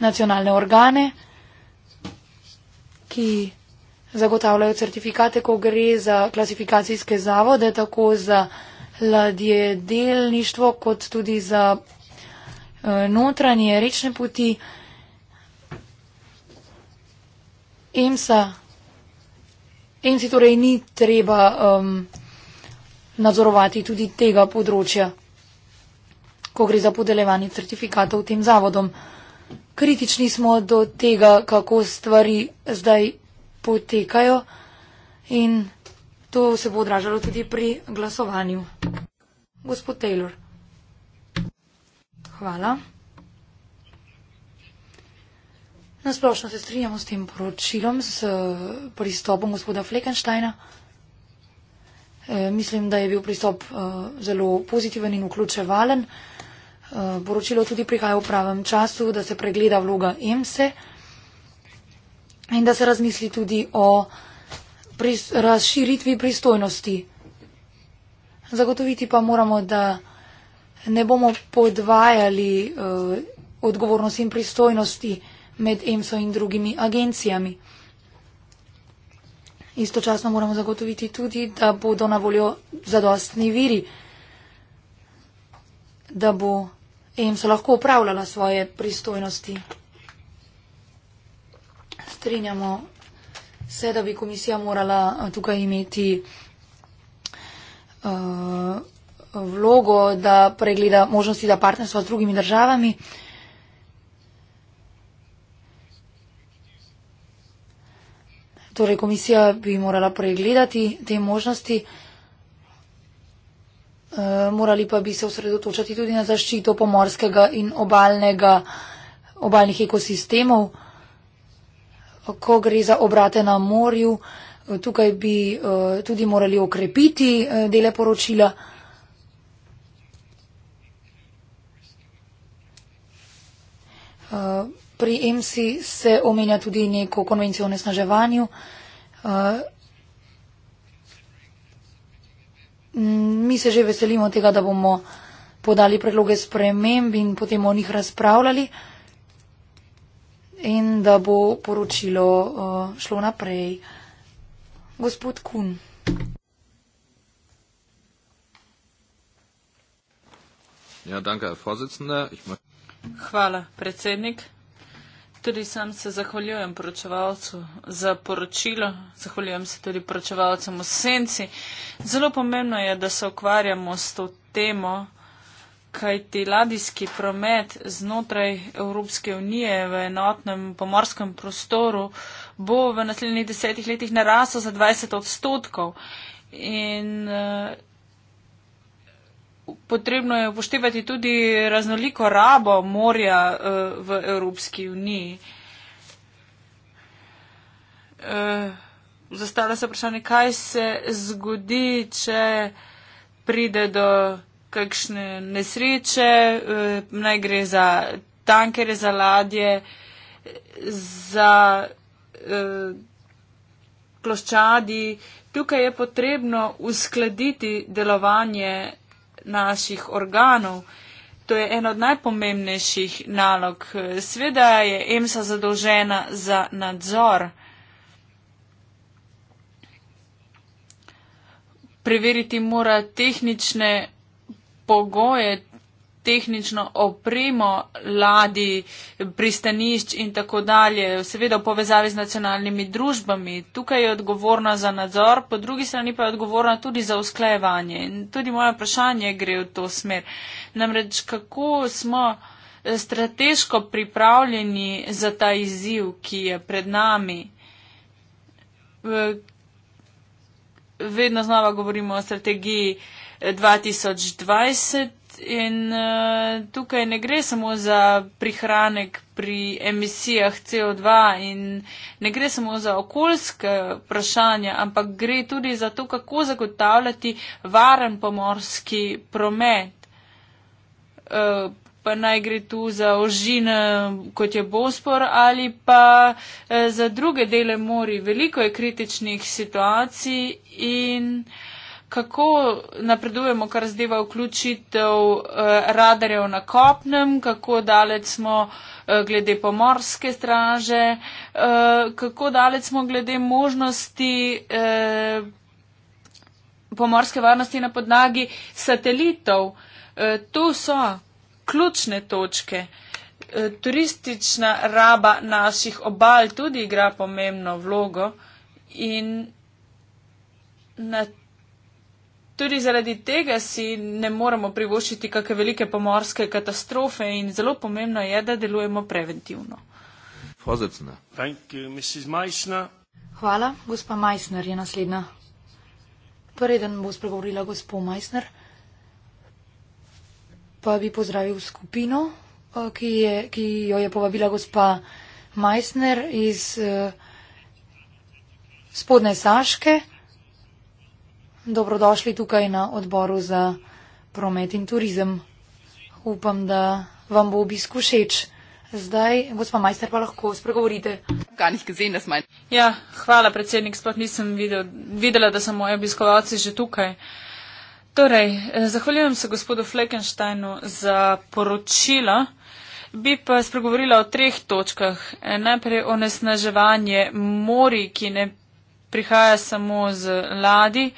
nacionalne organe, ki zagotavljajo certifikate, ko gre za klasifikacijske zavode, tako za ladjedelništvo, kot tudi za eh, notranje rečne poti. EMSA, EMSI torej ni treba um, nadzorovati tudi tega področja, ko gre za podelevanje certifikatov tem zavodom. Kritični smo do tega, kako stvari zdaj potekajo in to se bo odražalo tudi pri glasovanju. Gospod Taylor. Hvala. Nasplošno se strinjamo s tem poročilom, s pristopom gospoda Fleckensteina. E, mislim, da je bil pristop e, zelo pozitiven in vključevalen. E, poročilo tudi prihaja v pravem času, da se pregleda vloga EMSE in da se razmisli tudi o pris razširitvi pristojnosti Zagotoviti pa moramo, da ne bomo podvajali uh, odgovornosti in pristojnosti med EMSO in drugimi agencijami. Istočasno moramo zagotoviti tudi, da bodo na voljo zadostni viri, da bo EMSO lahko upravljala svoje pristojnosti. Strinjamo se, da bi komisija morala eh, tukaj imeti Eh, vlogo, da pregleda možnosti za partnerstvo z drugimi državami. Torej, komisija bi morala pregledati te možnosti, eh, morali pa bi se osredotočati tudi na zaščito pomorskega in obalnega, obalnih ekosistemov, ko gre za obrate na morju tukaj bi eh, tudi morali okrepiti eh, dele poročila. Eh, pri EMSI se omenja tudi neko konvencijo o nesnaževanju. Mi se že veselimo tega, da bomo podali predloge sprememb in potem o njih razpravljali in da bo poročilo šlo naprej. Gospod Kun. Ja, danke, Hvala, predsednik. Tudi sam se zahvaljujem poročevalcu za poročilo, zahvaljujem se tudi poročevalcem v senci. Zelo pomembno je, da se ukvarjamo s to temo, kajti ladijski promet znotraj Evropske unije v enotnem pomorskem prostoru uh, bo v naslednjih desetih letih naraslo za 20 odstotkov. In uh, potrebno je upoštevati tudi raznoliko rabo morja uh, v Evropski uniji. Uh, eh, zastala se vprašanje, kaj se zgodi, če pride do kakšne nesreče, uh, naj gre za tankere, za ladje, za eh, ploščadi, tukaj je potrebno uskladiti delovanje naših organov. To je ena od najpomembnejših nalog. Sveda je EMSA zadolžena za nadzor. Preveriti mora tehnične pogoje tehnično opremo ladi, pristanišč in tako dalje, seveda v povezavi z nacionalnimi družbami. Tukaj je odgovorna za nadzor, po drugi strani pa je odgovorna tudi za usklajevanje. In tudi moje vprašanje gre v to smer. Namreč, kako smo eh, strateško pripravljeni za ta izziv, ki je pred nami? Vedno znova govorimo o strategiji 2020. Eh, in uh, tukaj ne gre samo za prihranek pri emisijah CO2 in ne gre samo za okoljske vprašanja, ampak gre tudi za to, kako zagotavljati varen pomorski promet. Uh, pa naj gre tu za ožine, eh, kot je Bospor ali pa uh, za druge dele mori. Veliko je kritičnih situacij in uh, kako napredujemo, kar zdeva vključitev eh, radarjev na kopnem, kako daleč smo eh, glede pomorske straže, eh, kako daleč smo glede možnosti eh, pomorske varnosti na podlagi satelitov. Eh, to so ključne točke. Eh, turistična raba naših obalj tudi igra pomembno vlogo in na tudi zaradi tega si ne moremo privoščiti kakšne velike pomorske katastrofe in zelo pomembno je, da delujemo preventivno. Hvala, gospa Majsner je naslednja. Preden bo spregovorila gospo Majsner, pa bi pozdravil skupino, eh, ki, je, ki jo je povabila gospa Majsner iz eh, spodne Saške dobrodošli tukaj na odboru za promet in turizem. Upam, da vam bo obisk všeč. Zdaj, gospa majster, pa lahko spregovorite. Ja, hvala, predsednik. Sploh nisem videl, videla, da so moji obiskovalci že tukaj. Torej, eh, zahvaljujem se gospodu Fleckensteinu za poročilo. Bi pa spregovorila o treh točkah. Eh, najprej o nesnaževanje mori, ki ne prihaja samo z ladi,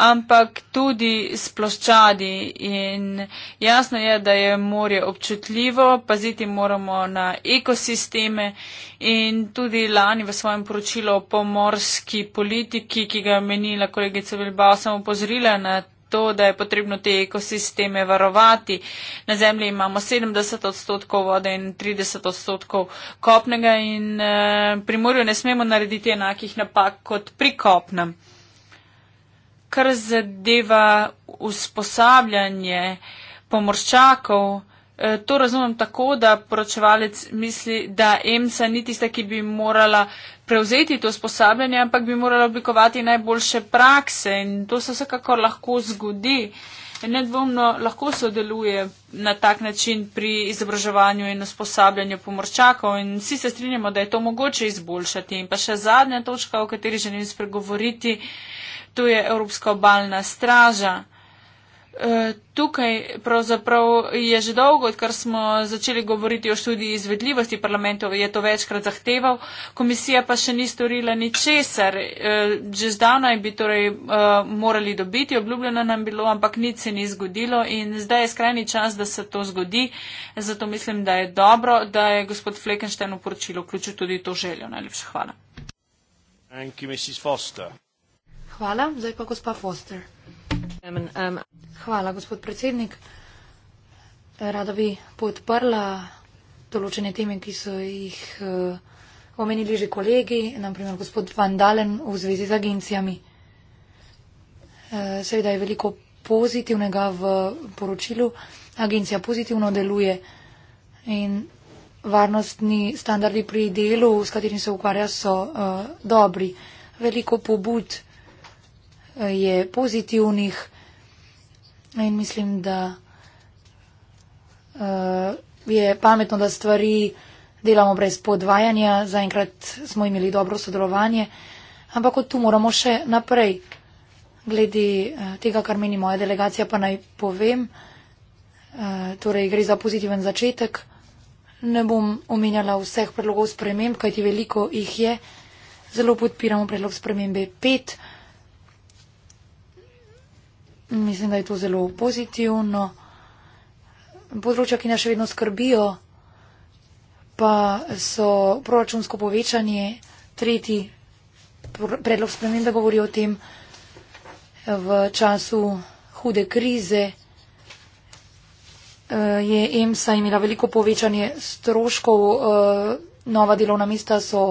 ampak tudi s ploščadi in jasno je, da je morje občutljivo, paziti moramo na ekosisteme in tudi lani v svojem poročilu o pomorski politiki, ki ga je menila kolegica Vilbao, sem opozorila na to, da je potrebno te ekosisteme varovati. Na zemlji imamo 70 odstotkov vode in 30 odstotkov kopnega in eh, pri morju ne smemo narediti enakih napak kot pri kopnem kar zadeva usposabljanje pomorščakov, eh, to razumem tako, da poročevalec misli, da EMSA ni tista, ki bi morala prevzeti to usposabljanje, ampak bi morala oblikovati najboljše prakse in to se vsekakor lahko zgodi. Nedvomno lahko sodeluje na tak način pri izobraževanju in usposabljanju pomorčakov in vsi se strinjamo, da je to mogoče izboljšati. In pa še zadnja točka, o kateri želim spregovoriti, to je Evropska obaljna straža. E, tukaj pravzaprav je že dolgo, odkar smo začeli govoriti o študiji izvedljivosti parlamentov, je to večkrat zahteval, komisija pa še ni storila ničesar. E, že zdavnaj bi torej e, morali dobiti, obljubljeno nam bilo, ampak nič se ni zgodilo in zdaj je skrajni čas, da se to zgodi. Zato mislim, da je dobro, da je gospod Flekenštejn v poročilu vključil tudi to željo. Najlepša hvala. Thank you, Mrs. Foster. Hvala. Zdaj pa gospa Foster. Um, Hvala, gospod predsednik. Rada bi podprla določene teme, ki so jih eh, omenili že kolegi, naprimer gospod Van Dalen v zvezi z agencijami. Eh, seveda je veliko pozitivnega v poročilu. Agencija pozitivno deluje in varnostni standardi pri delu, s katerim se ukvarja, so eh, dobri. Veliko pobud je pozitivnih in mislim, da eh, je pametno, da stvari delamo brez podvajanja. Zaenkrat smo imeli dobro sodelovanje, ampak tu moramo še naprej. Glede eh, tega, kar meni moja delegacija, pa naj povem, eh, torej gre za pozitiven začetek. Ne bom omenjala vseh predlogov sprememb, kajti veliko jih je. Zelo podpiramo predlog spremembe 5. Mislim, da je to zelo pozitivno. Področja, ki nas še vedno skrbijo, pa so proračunsko povečanje, tretji predlog spremen, da govori o tem v času hude krize. Eh, je EMSA imela veliko povečanje stroškov, eh, nova delovna mesta so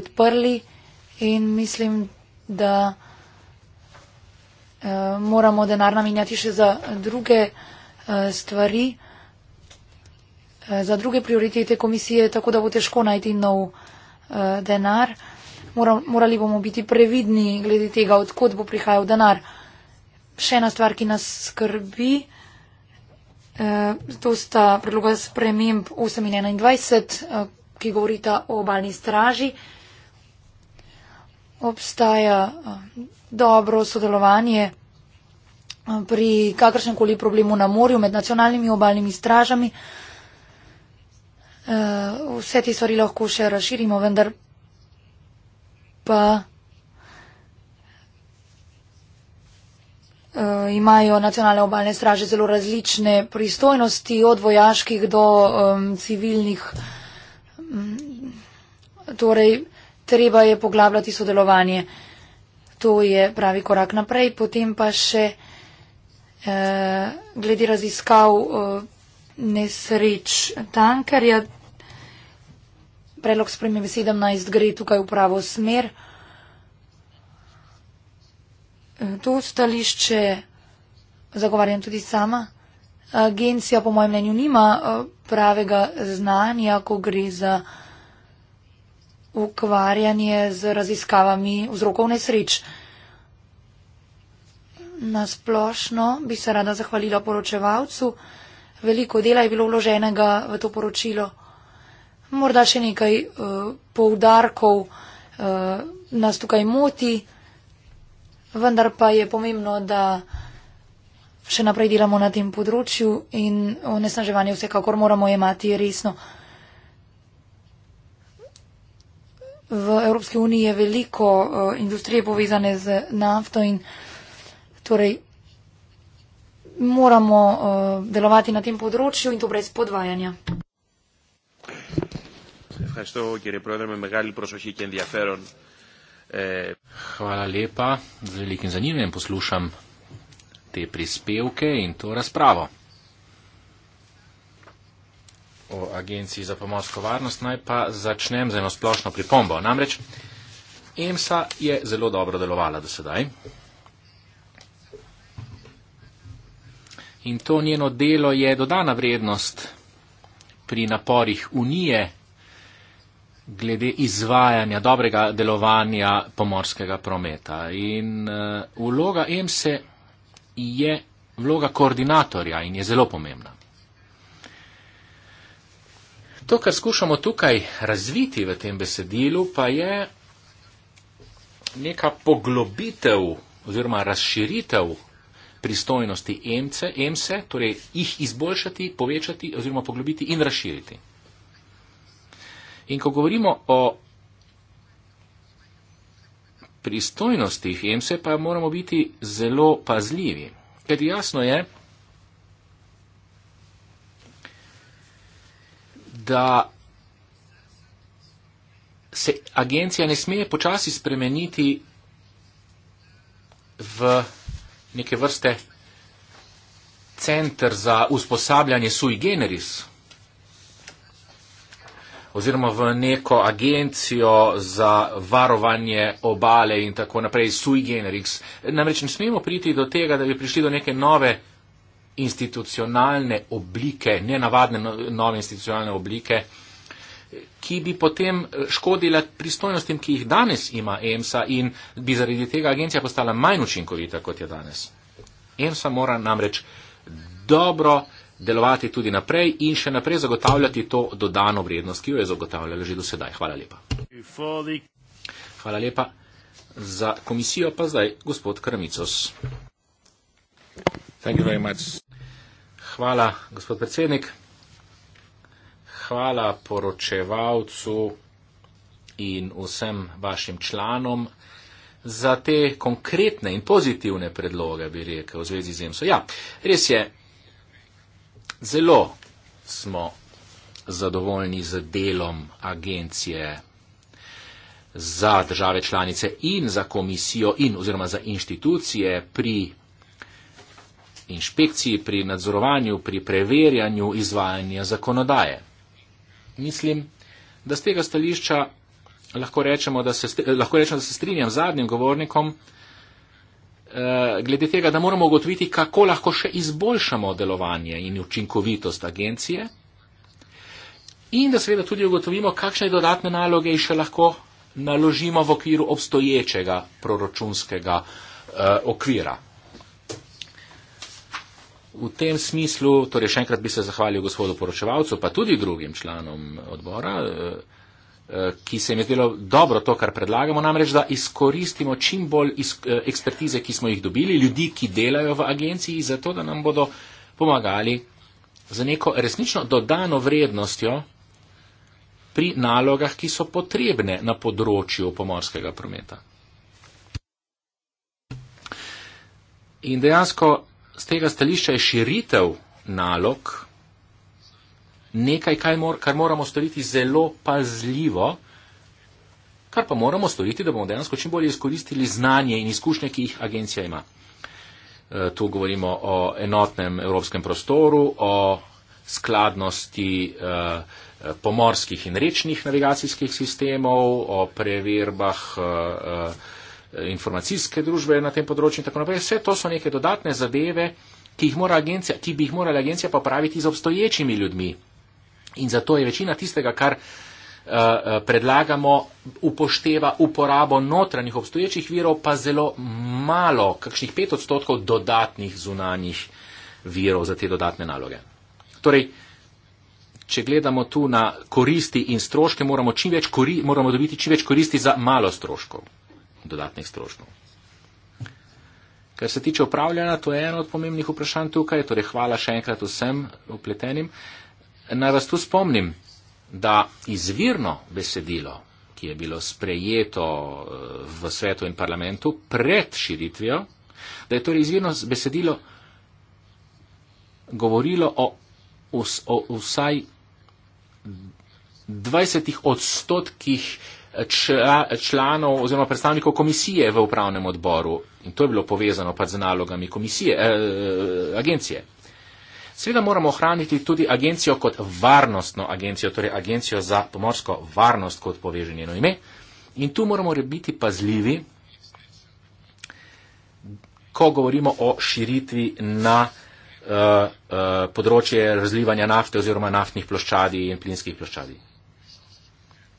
odprli in mislim, da. Eh, moramo denar namenjati še za druge eh, stvari, eh, za druge prioritete komisije, tako da bo težko najti nov denar. Morali bomo biti previdni glede tega, odkot bo prihajal denar. Še ena stvar, ki nas skrbi, to sta predloga sprememb 8 in 21, ki govorita o obalni straži. Obstaja dobro sodelovanje eh, pri kakršnem koli problemu na morju med nacionalnimi obaljnimi stražami. Eh, vse te stvari lahko še razširimo, vendar pa eh, imajo nacionalne obaljne straže zelo različne pristojnosti, od vojaških do um, civilnih. Mm, torej, treba je poglavljati sodelovanje. To je pravi korak naprej. Potem pa še eh, glede raziskav eh, nesreč tankerja. Predlog spremembe 17 gre tukaj v pravo smer. Eh, to stališče zagovarjam tudi sama. Agencija, po mojem mnenju, nima eh, pravega znanja, ko gre za ukvarjanje z raziskavami vzrokov nesreč. Nasplošno bi se rada zahvalila poročevalcu. Veliko dela je bilo vloženega v to poročilo. Morda še nekaj uh, poudarkov uh, nas tukaj moti, vendar pa je pomembno, da še naprej delamo na tem področju in onesnaževanje vsekakor moramo jemati resno. Uh, v Evropski uniji je veliko uh, industrije povezane z nafto in torej moramo uh, delovati na tem področju in to brez podvajanja. Hvala lepa, z velikim zanimanjem poslušam te prispevke in to razpravo o Agenciji za pomorsko varnost, naj pa začnem z eno splošno pripombo. Namreč EMSA je zelo dobro delovala do sedaj. In to njeno delo je dodana vrednost pri naporih Unije glede izvajanja dobrega delovanja pomorskega prometa. In uh, vloga EMSA je vloga koordinatorja in je zelo pomembna. To, kar skušamo tukaj razviti v tem besedilu, pa je neka poglobitev oziroma razširitev pristojnosti emce, emce, torej jih izboljšati, povečati oziroma poglobiti in razširiti. In ko govorimo o pristojnostih emce, pa moramo biti zelo pazljivi. Ker jasno je, da se agencija ne smeje počasi spremeniti v neke vrste centr za usposabljanje sui generis oziroma v neko agencijo za varovanje obale in tako naprej, sui generis. Namreč ne smemo priti do tega, da bi prišli do neke nove institucionalne oblike, nenavadne no, nove institucionalne oblike, ki bi potem eh, škodila pristojnostim, ki jih danes ima EMSA in bi zaradi tega agencija postala manj učinkovita, kot je danes. EMSA mora namreč dobro delovati tudi naprej in še naprej zagotavljati to dodano vrednost, ki jo je zagotavljala že do sedaj. Hvala lepa. Hvala lepa za komisijo, pa zdaj gospod Kramicos. Thank you very much. Hvala, gospod predsednik. Hvala poročevalcu in vsem vašim članom za te konkretne in pozitivne predloge, bi rekel, v zvezi z EMSO. Ja, res je, zelo smo zadovoljni z delom agencije za države članice in za komisijo in oziroma za inštitucije pri inšpekciji, pri nadzorovanju, pri preverjanju izvajanja zakonodaje. Mislim, da z tega stališča lahko, rečemo, da se, lahko rečem, da se strinjam z zadnjim govornikom, eh, glede tega, da moramo ugotoviti, kako lahko še izboljšamo delovanje in učinkovitost agencije in da seveda tudi ugotovimo, kakšne dodatne naloge še lahko naložimo v okviru obstoječega proračunskega uh, okvira. V tem smislu, torej še enkrat bi se zahvalil gospodu poročevalcu, pa tudi drugim članom odbora, eh, eh, ki se jim je zdelo dobro to, kar predlagamo, namreč, da izkoristimo čim bolj eh, ekspertize, ki smo jih dobili, ljudi, ki delajo v agenciji, zato da nam bodo pomagali za neko resnično dodano vrednostjo pri nalogah, ki so potrebne na področju pomorskega prometa. In dejansko z tega stališča je širitev nalog nekaj, kar moramo storiti zelo pazljivo, kar pa moramo storiti, da bomo dejansko čim bolje izkoristili znanje in izkušnje, ki jih agencija ima. E, tu govorimo o enotnem evropskem prostoru, o skladnosti e, pomorskih in rečnih navigacijskih sistemov, o preverbah e, informacijske družbe na tem področju in tako naprej. Vse to so neke dodatne zadeve, ki, jih agencija, ki bi jih morala agencija popraviti z obstoječimi ljudmi. In zato je večina tistega, kar eh, eh, predlagamo, upošteva uporabo notranjih obstoječih virov, pa zelo malo, kakšnih pet odstotkov dodatnih zunanjih virov za te dodatne naloge. Torej, če gledamo tu na koristi in stroške, moramo, čim več kori, moramo dobiti čim več koristi za malo stroškov dodatnih stroškov. Kar se tiče upravljanja, to je eno od pomembnih vprašanj tukaj, torej hvala še enkrat vsem upletenim. Naj vas tu spomnim, da izvirno besedilo, ki je bilo sprejeto eh, v svetu in parlamentu pred širitvijo, da je torej izvirno besedilo govorilo o, o, o vsaj 20 odstotkih članov oziroma predstavnikov komisije v upravnem odboru. In to je bilo povezano pa z nalogami komisije, eh, agencije. Seveda moramo ohraniti tudi agencijo kot varnostno agencijo, torej agencijo za pomorsko varnost kot poveženje njeno ime. In tu moramo biti pazljivi, ko govorimo o širitvi na uh, uh, področje razlivanja nafte oziroma naftnih ploščadi in plinskih ploščadi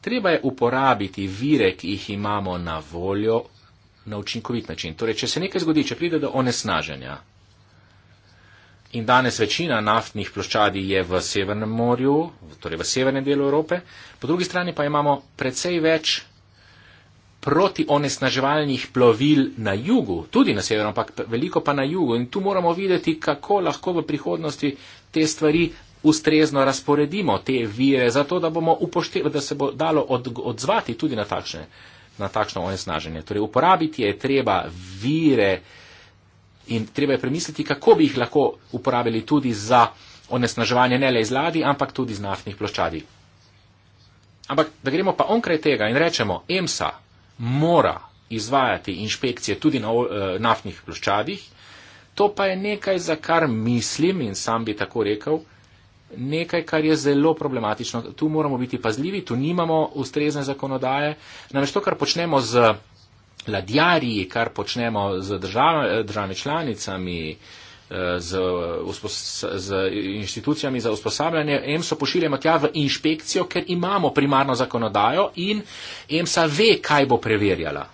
treba je uporabiti vire, ki jih imamo na voljo, na učinkovit način. Torej, če se nekaj zgodi, če pride do onesnaženja, in danes večina naftnih ploščadi je v Severnem morju, torej v severnem delu Evrope, po drugi strani pa imamo precej več proti onesnaževalnih plovil na jugu, tudi na severu, ampak veliko pa na jugu. In tu moramo videti, kako lahko v prihodnosti te stvari ustrezno razporedimo te vire, zato da, da se bo dalo od, odzvati tudi na, takšne, na takšno onesnaženje. Torej, uporabiti je treba vire in treba je premisliti, kako bi jih lahko uporabili tudi za onesnaževanje ne le iz ladi, ampak tudi iz naftnih ploščadi. Ampak da gremo pa onkraj tega in rečemo, EMSA mora izvajati inšpekcije tudi na eh, naftnih ploščadih, to pa je nekaj, za kar mislim in sam bi tako rekel, nekaj, kar je zelo problematično. Tu moramo biti pazljivi, tu nimamo ustrezne zakonodaje. Namreč to, kar počnemo z ladjarji, kar počnemo z držav, državami članicami, eh, z, z inštitucijami za usposabljanje, EMSO pošiljamo tja v inšpekcijo, ker imamo primarno zakonodajo in EMSA ve, kaj bo preverjala.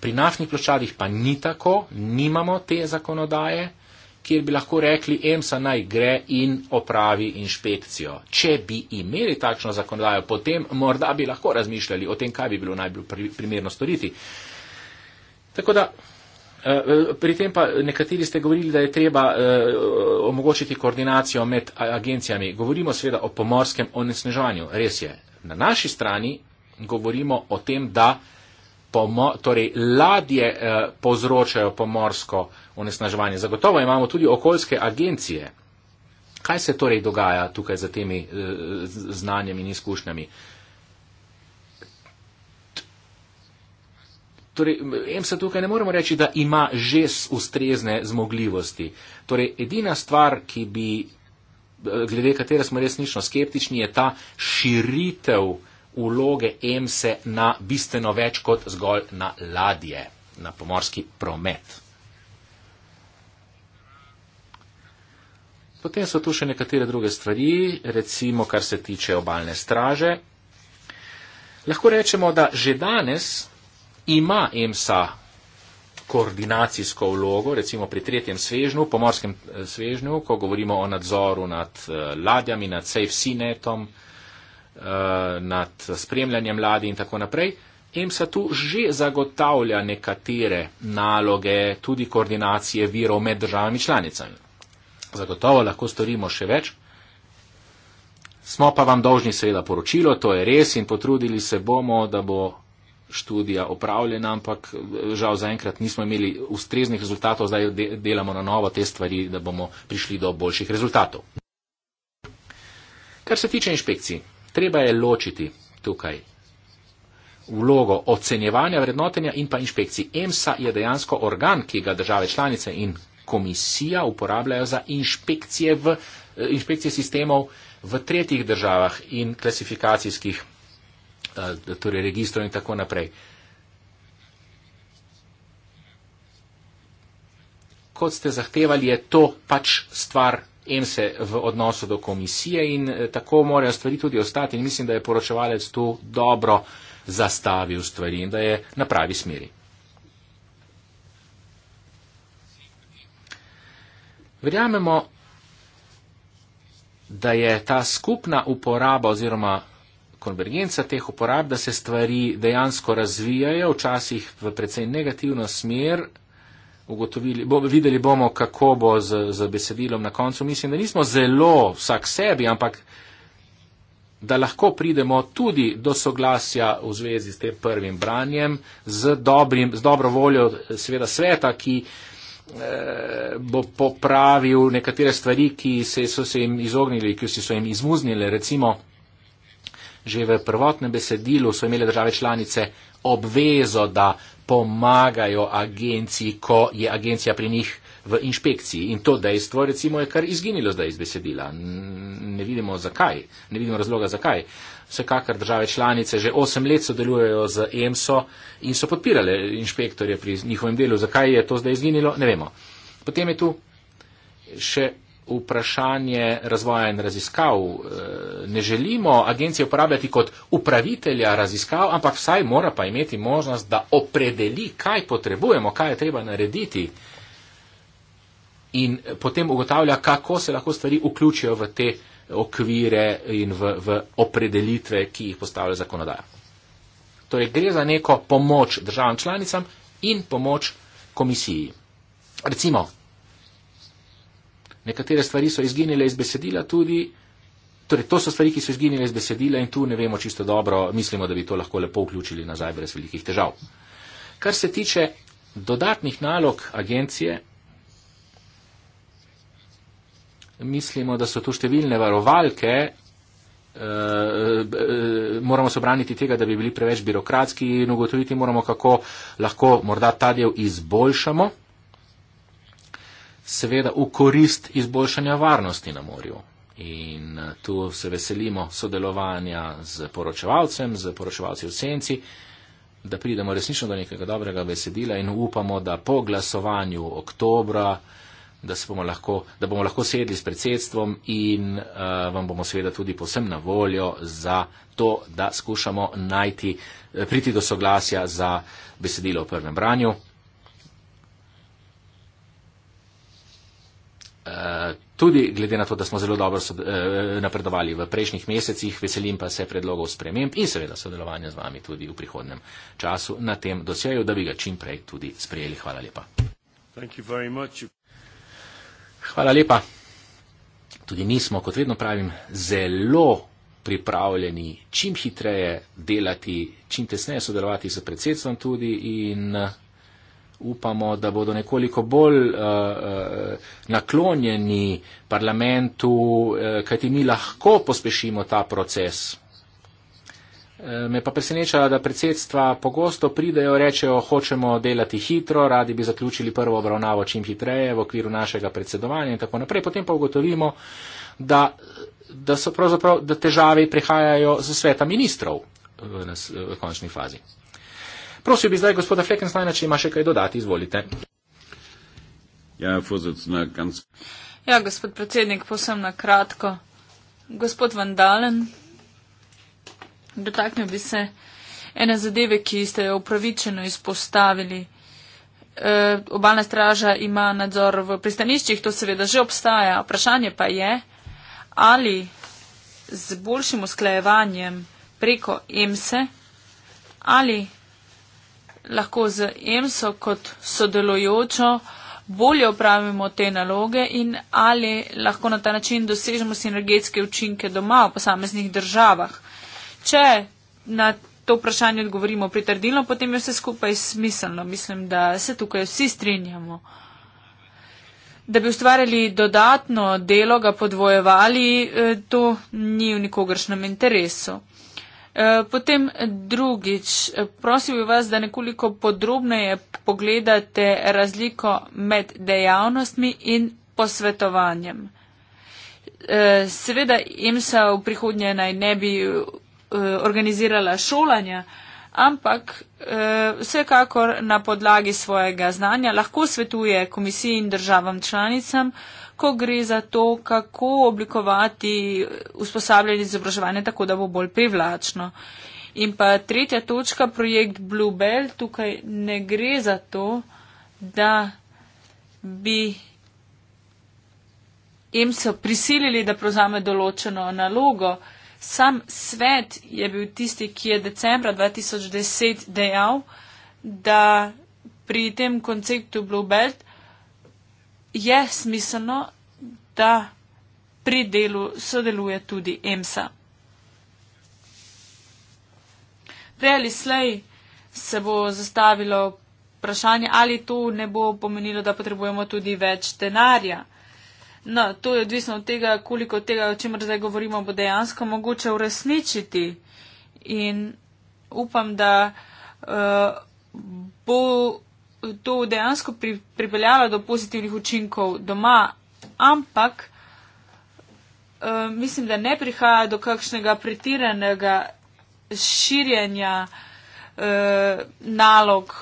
Pri naftnih ploščadih pa ni tako, nimamo te zakonodaje, kjer bi lahko rekli, EMSA naj gre in opravi inšpekcijo. Če bi imeli takšno zakonodajo, potem morda bi lahko razmišljali o tem, kaj bi bilo najbolj primerno storiti. Tako da. Eh, eh, pri tem pa nekateri ste govorili, da je treba eh, omogočiti koordinacijo med agencijami. Govorimo seveda o pomorskem onesnežanju. Res je, na naši strani govorimo o tem, da pomo, torej, ladje povzročajo pomorsko onesnežanje onesnaževanje. Zagotovo imamo tudi okoljske agencije. Kaj se torej dogaja tukaj za temi eh, znanjami in izkušnjami? Torej, em se tukaj ne moremo reči, da ima že ustrezne zmogljivosti. Torej, edina stvar, ki bi, eh, glede katere smo resnično skeptični, je ta širitev uloge EMSE na bistveno več kot zgolj na ladje, na pomorski promet. Potem so tu še nekatere druge stvari, recimo kar se tiče obalne straže. Lahko rečemo, da že danes ima EMSA koordinacijsko vlogo, recimo pri tretjem svežnju, pomorskem eh, svežnju, ko govorimo o nadzoru nad eh, ladjami, nad safe sea netom, eh, nad spremljanjem ladi in tako naprej. EMSA tu že zagotavlja nekatere naloge, tudi koordinacije virov med državami članicami zagotovo lahko storimo še več. Smo pa vam dolžni seveda poročilo, to je res in potrudili se bomo, da bo študija opravljena, ampak eh, žal zaenkrat nismo imeli ustreznih rezultatov, zdaj delamo na novo te stvari, da bomo prišli do boljših rezultatov. Kar se tiče inšpekcij, treba je ločiti tukaj vlogo ocenjevanja, vrednotenja in pa inšpekcij. EMSA je dejansko organ, ki ga države članice in komisija uporabljajo za inšpekcije, v, eh, inšpekcije sistemov v tretjih državah in klasifikacijskih eh, torej registrov in tako naprej. Kot ste zahtevali, je to pač stvar EMSE v odnosu do komisije in eh, tako morajo stvari tudi ostati. In mislim, da je poročevalec tu dobro zastavil stvari in da je na pravi smeri. Verjamemo, da je ta skupna uporaba oziroma konvergenca teh uporab, da se stvari dejansko razvijajo, včasih v precej negativno smer. Ugotovili, bo, videli bomo, kako bo z, z besedilom na koncu. Mislim, da nismo zelo vsak sebi, ampak da lahko pridemo tudi do soglasja v zvezi s tem prvim branjem, z, dobrim, z dobro voljo sveta, ki bo popravil nekatere stvari, ki se, so se jim izognili, ki so jim izmuznili. Recimo, že v prvotnem besedilu so imele države članice obvezo, da pomagajo agenciji, ko je agencija pri njih v inšpekciji. In to dejstvo, recimo, je kar izginilo zdaj iz besedila. Ne vidimo zakaj, ne vidimo razloga zakaj vsekakor države članice že 8 let sodelujejo z EMSO in so podpirale inšpektorje pri njihovem delu. Zakaj je to zdaj izginilo, ne vemo. Potem je tu še vprašanje razvoja in raziskav. Eh, ne želimo agencije uporabljati kot upravitelja raziskav, ampak vsaj mora pa imeti možnost, da opredeli, kaj potrebujemo, kaj je treba narediti. In potem ugotavlja, kako se lahko stvari vključijo v te okvire in v, v opredelitve, ki jih postavlja zakonodaja. Torej, gre za neko pomoč državam članicam in pomoč komisiji. Recimo, nekatere stvari so izginile iz besedila tudi, torej to so stvari, ki so izginile iz besedila in tu ne vemo čisto dobro, mislimo, da bi to lahko lepo vključili nazaj brez velikih težav. Kar se tiče dodatnih nalog agencije, mislimo, da so tu številne varovalke, eh, eh, moramo se obraniti tega, da bi bili preveč birokratski in ugotoviti moramo, kako lahko morda ta del izboljšamo, seveda v korist izboljšanja varnosti na morju. In eh, tu se veselimo sodelovanja z poročevalcem, z poročevalci v senci, da pridemo resnično do nekega dobrega besedila in upamo, da po glasovanju oktobra da, lahko, da bomo lahko sedli s predsedstvom in uh, vam bomo seveda tudi posem na voljo za to, da skušamo najti, eh, priti do soglasja za besedilo v prvem branju. Eh, tudi glede na to, da smo zelo dobro napredovali v prejšnjih mesecih, veselim pa se predlogov sprememb in seveda sodelovanja z vami tudi v prihodnem času na tem dosjeju, da bi ga čim prej tudi sprejeli. Hvala lepa. Hvala lepa. Tudi mi smo, kot vedno pravim, zelo pripravljeni čim hitreje delati, čim tesneje sodelovati s predsedstvom tudi in uh, upamo, da bodo nekoliko bolj uh, uh, naklonjeni parlamentu, uh, kajti mi lahko pospešimo ta proces. Eh, me pa preseneča, da predsedstva pogosto pridejo, rečejo, hočemo delati hitro, radi bi zaključili prvo obravnavo čim hitreje v okviru našega predsedovanja in tako naprej. Potem pa ugotovimo, da, da so pravzaprav, da težave prihajajo z sveta ministrov v, nas, v končni fazi. Prosil bi zdaj gospoda Fleckensteina, če ima še kaj dodati, izvolite. Ja, ja gospod predsednik, posem na kratko. Gospod Vandalen. Dotaknil bi se ene zadeve, ki ste jo upravičeno izpostavili. E, obalna straža ima nadzor v pristaniščih, to seveda že obstaja. Vprašanje pa je, ali z boljšim usklajevanjem preko EMSE ali lahko z EMSO kot sodelujočo bolje opravimo te naloge in ali lahko na ta način dosežemo sinergetske učinke doma v posameznih državah če na to vprašanje odgovorimo pritrdilno, potem je vse skupaj smiselno. Mislim, da se tukaj vsi strinjamo. Da bi ustvarjali dodatno delo, ga podvojevali, eh, to ni v nikogršnem interesu. Eh, potem drugič, eh, prosim bi vas, da nekoliko podrobneje pogledate razliko med dejavnostmi in posvetovanjem. Seveda, EMSA v prihodnje naj ne bi Eh, organizirala šolanja, ampak eh, vsekakor na podlagi svojega znanja lahko svetuje komisiji in državam članicam, ko gre za to, kako oblikovati eh, usposabljanje izobraževanja tako, da bo bolj privlačno. In pa tretja točka, projekt Bluebell, tukaj ne gre za to, da bi EMSO prisilili, da prevzame določeno nalogo, Sam svet je bil tisti, ki je decembra 2010 dejal, da pri tem konceptu Blue Belt je smiselno, da pri delu sodeluje tudi EMSA. Prej ali slej se bo zastavilo vprašanje, ali to ne bo pomenilo, da potrebujemo tudi več denarja. No, to je odvisno od tega, koliko tega, o čemer zdaj govorimo, bo dejansko mogoče uresničiti. In upam, da uh, bo to dejansko pri, pripeljalo do pozitivnih učinkov doma, ampak uh, mislim, da ne prihaja do kakšnega pretiranega širjenja uh, nalog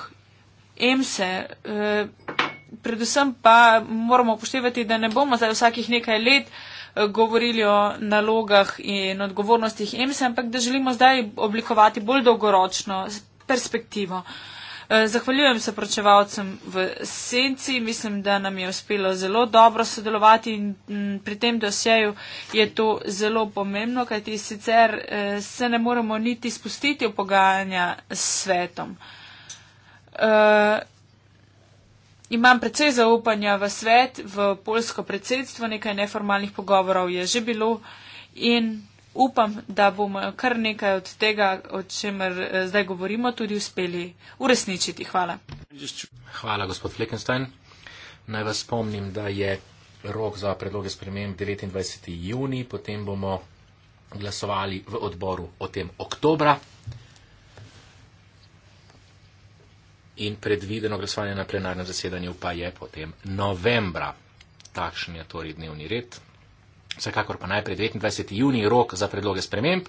emse. Uh, predvsem pa moramo upoštevati, da ne bomo zdaj vsakih nekaj let eh, govorili o nalogah in odgovornostih EMS, ampak da želimo zdaj oblikovati bolj dolgoročno perspektivo. Eh, zahvaljujem se pročevalcem v senci, mislim, da nam je uspelo zelo dobro sodelovati in mm, pri tem dosjeju je to zelo pomembno, kajti sicer eh, se ne moremo niti spustiti v pogajanja s svetom. Uh, Imam precej zaupanja v svet, v polsko predsedstvo, nekaj neformalnih pogovorov je že bilo in upam, da bomo kar nekaj od tega, o čemer eh, zdaj govorimo, tudi uspeli uresničiti. Hvala. Hvala, gospod Flekenstein. Naj vas spomnim, da je rok za predloge sprememb 29. juni, potem bomo glasovali v odboru o tem oktobra. in predvideno glasovanje na plenarnem zasedanju pa je potem novembra. Takšen je torej dnevni red. Vsekakor pa najprej 29. juni rok za predloge sprememb.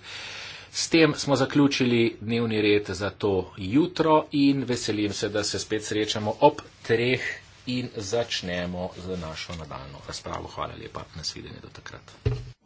S tem smo zaključili dnevni red za to jutro in veselim se, da se spet srečamo ob treh in začnemo z našo nadaljno razpravo. Hvala lepa, nasvidenje do takrat.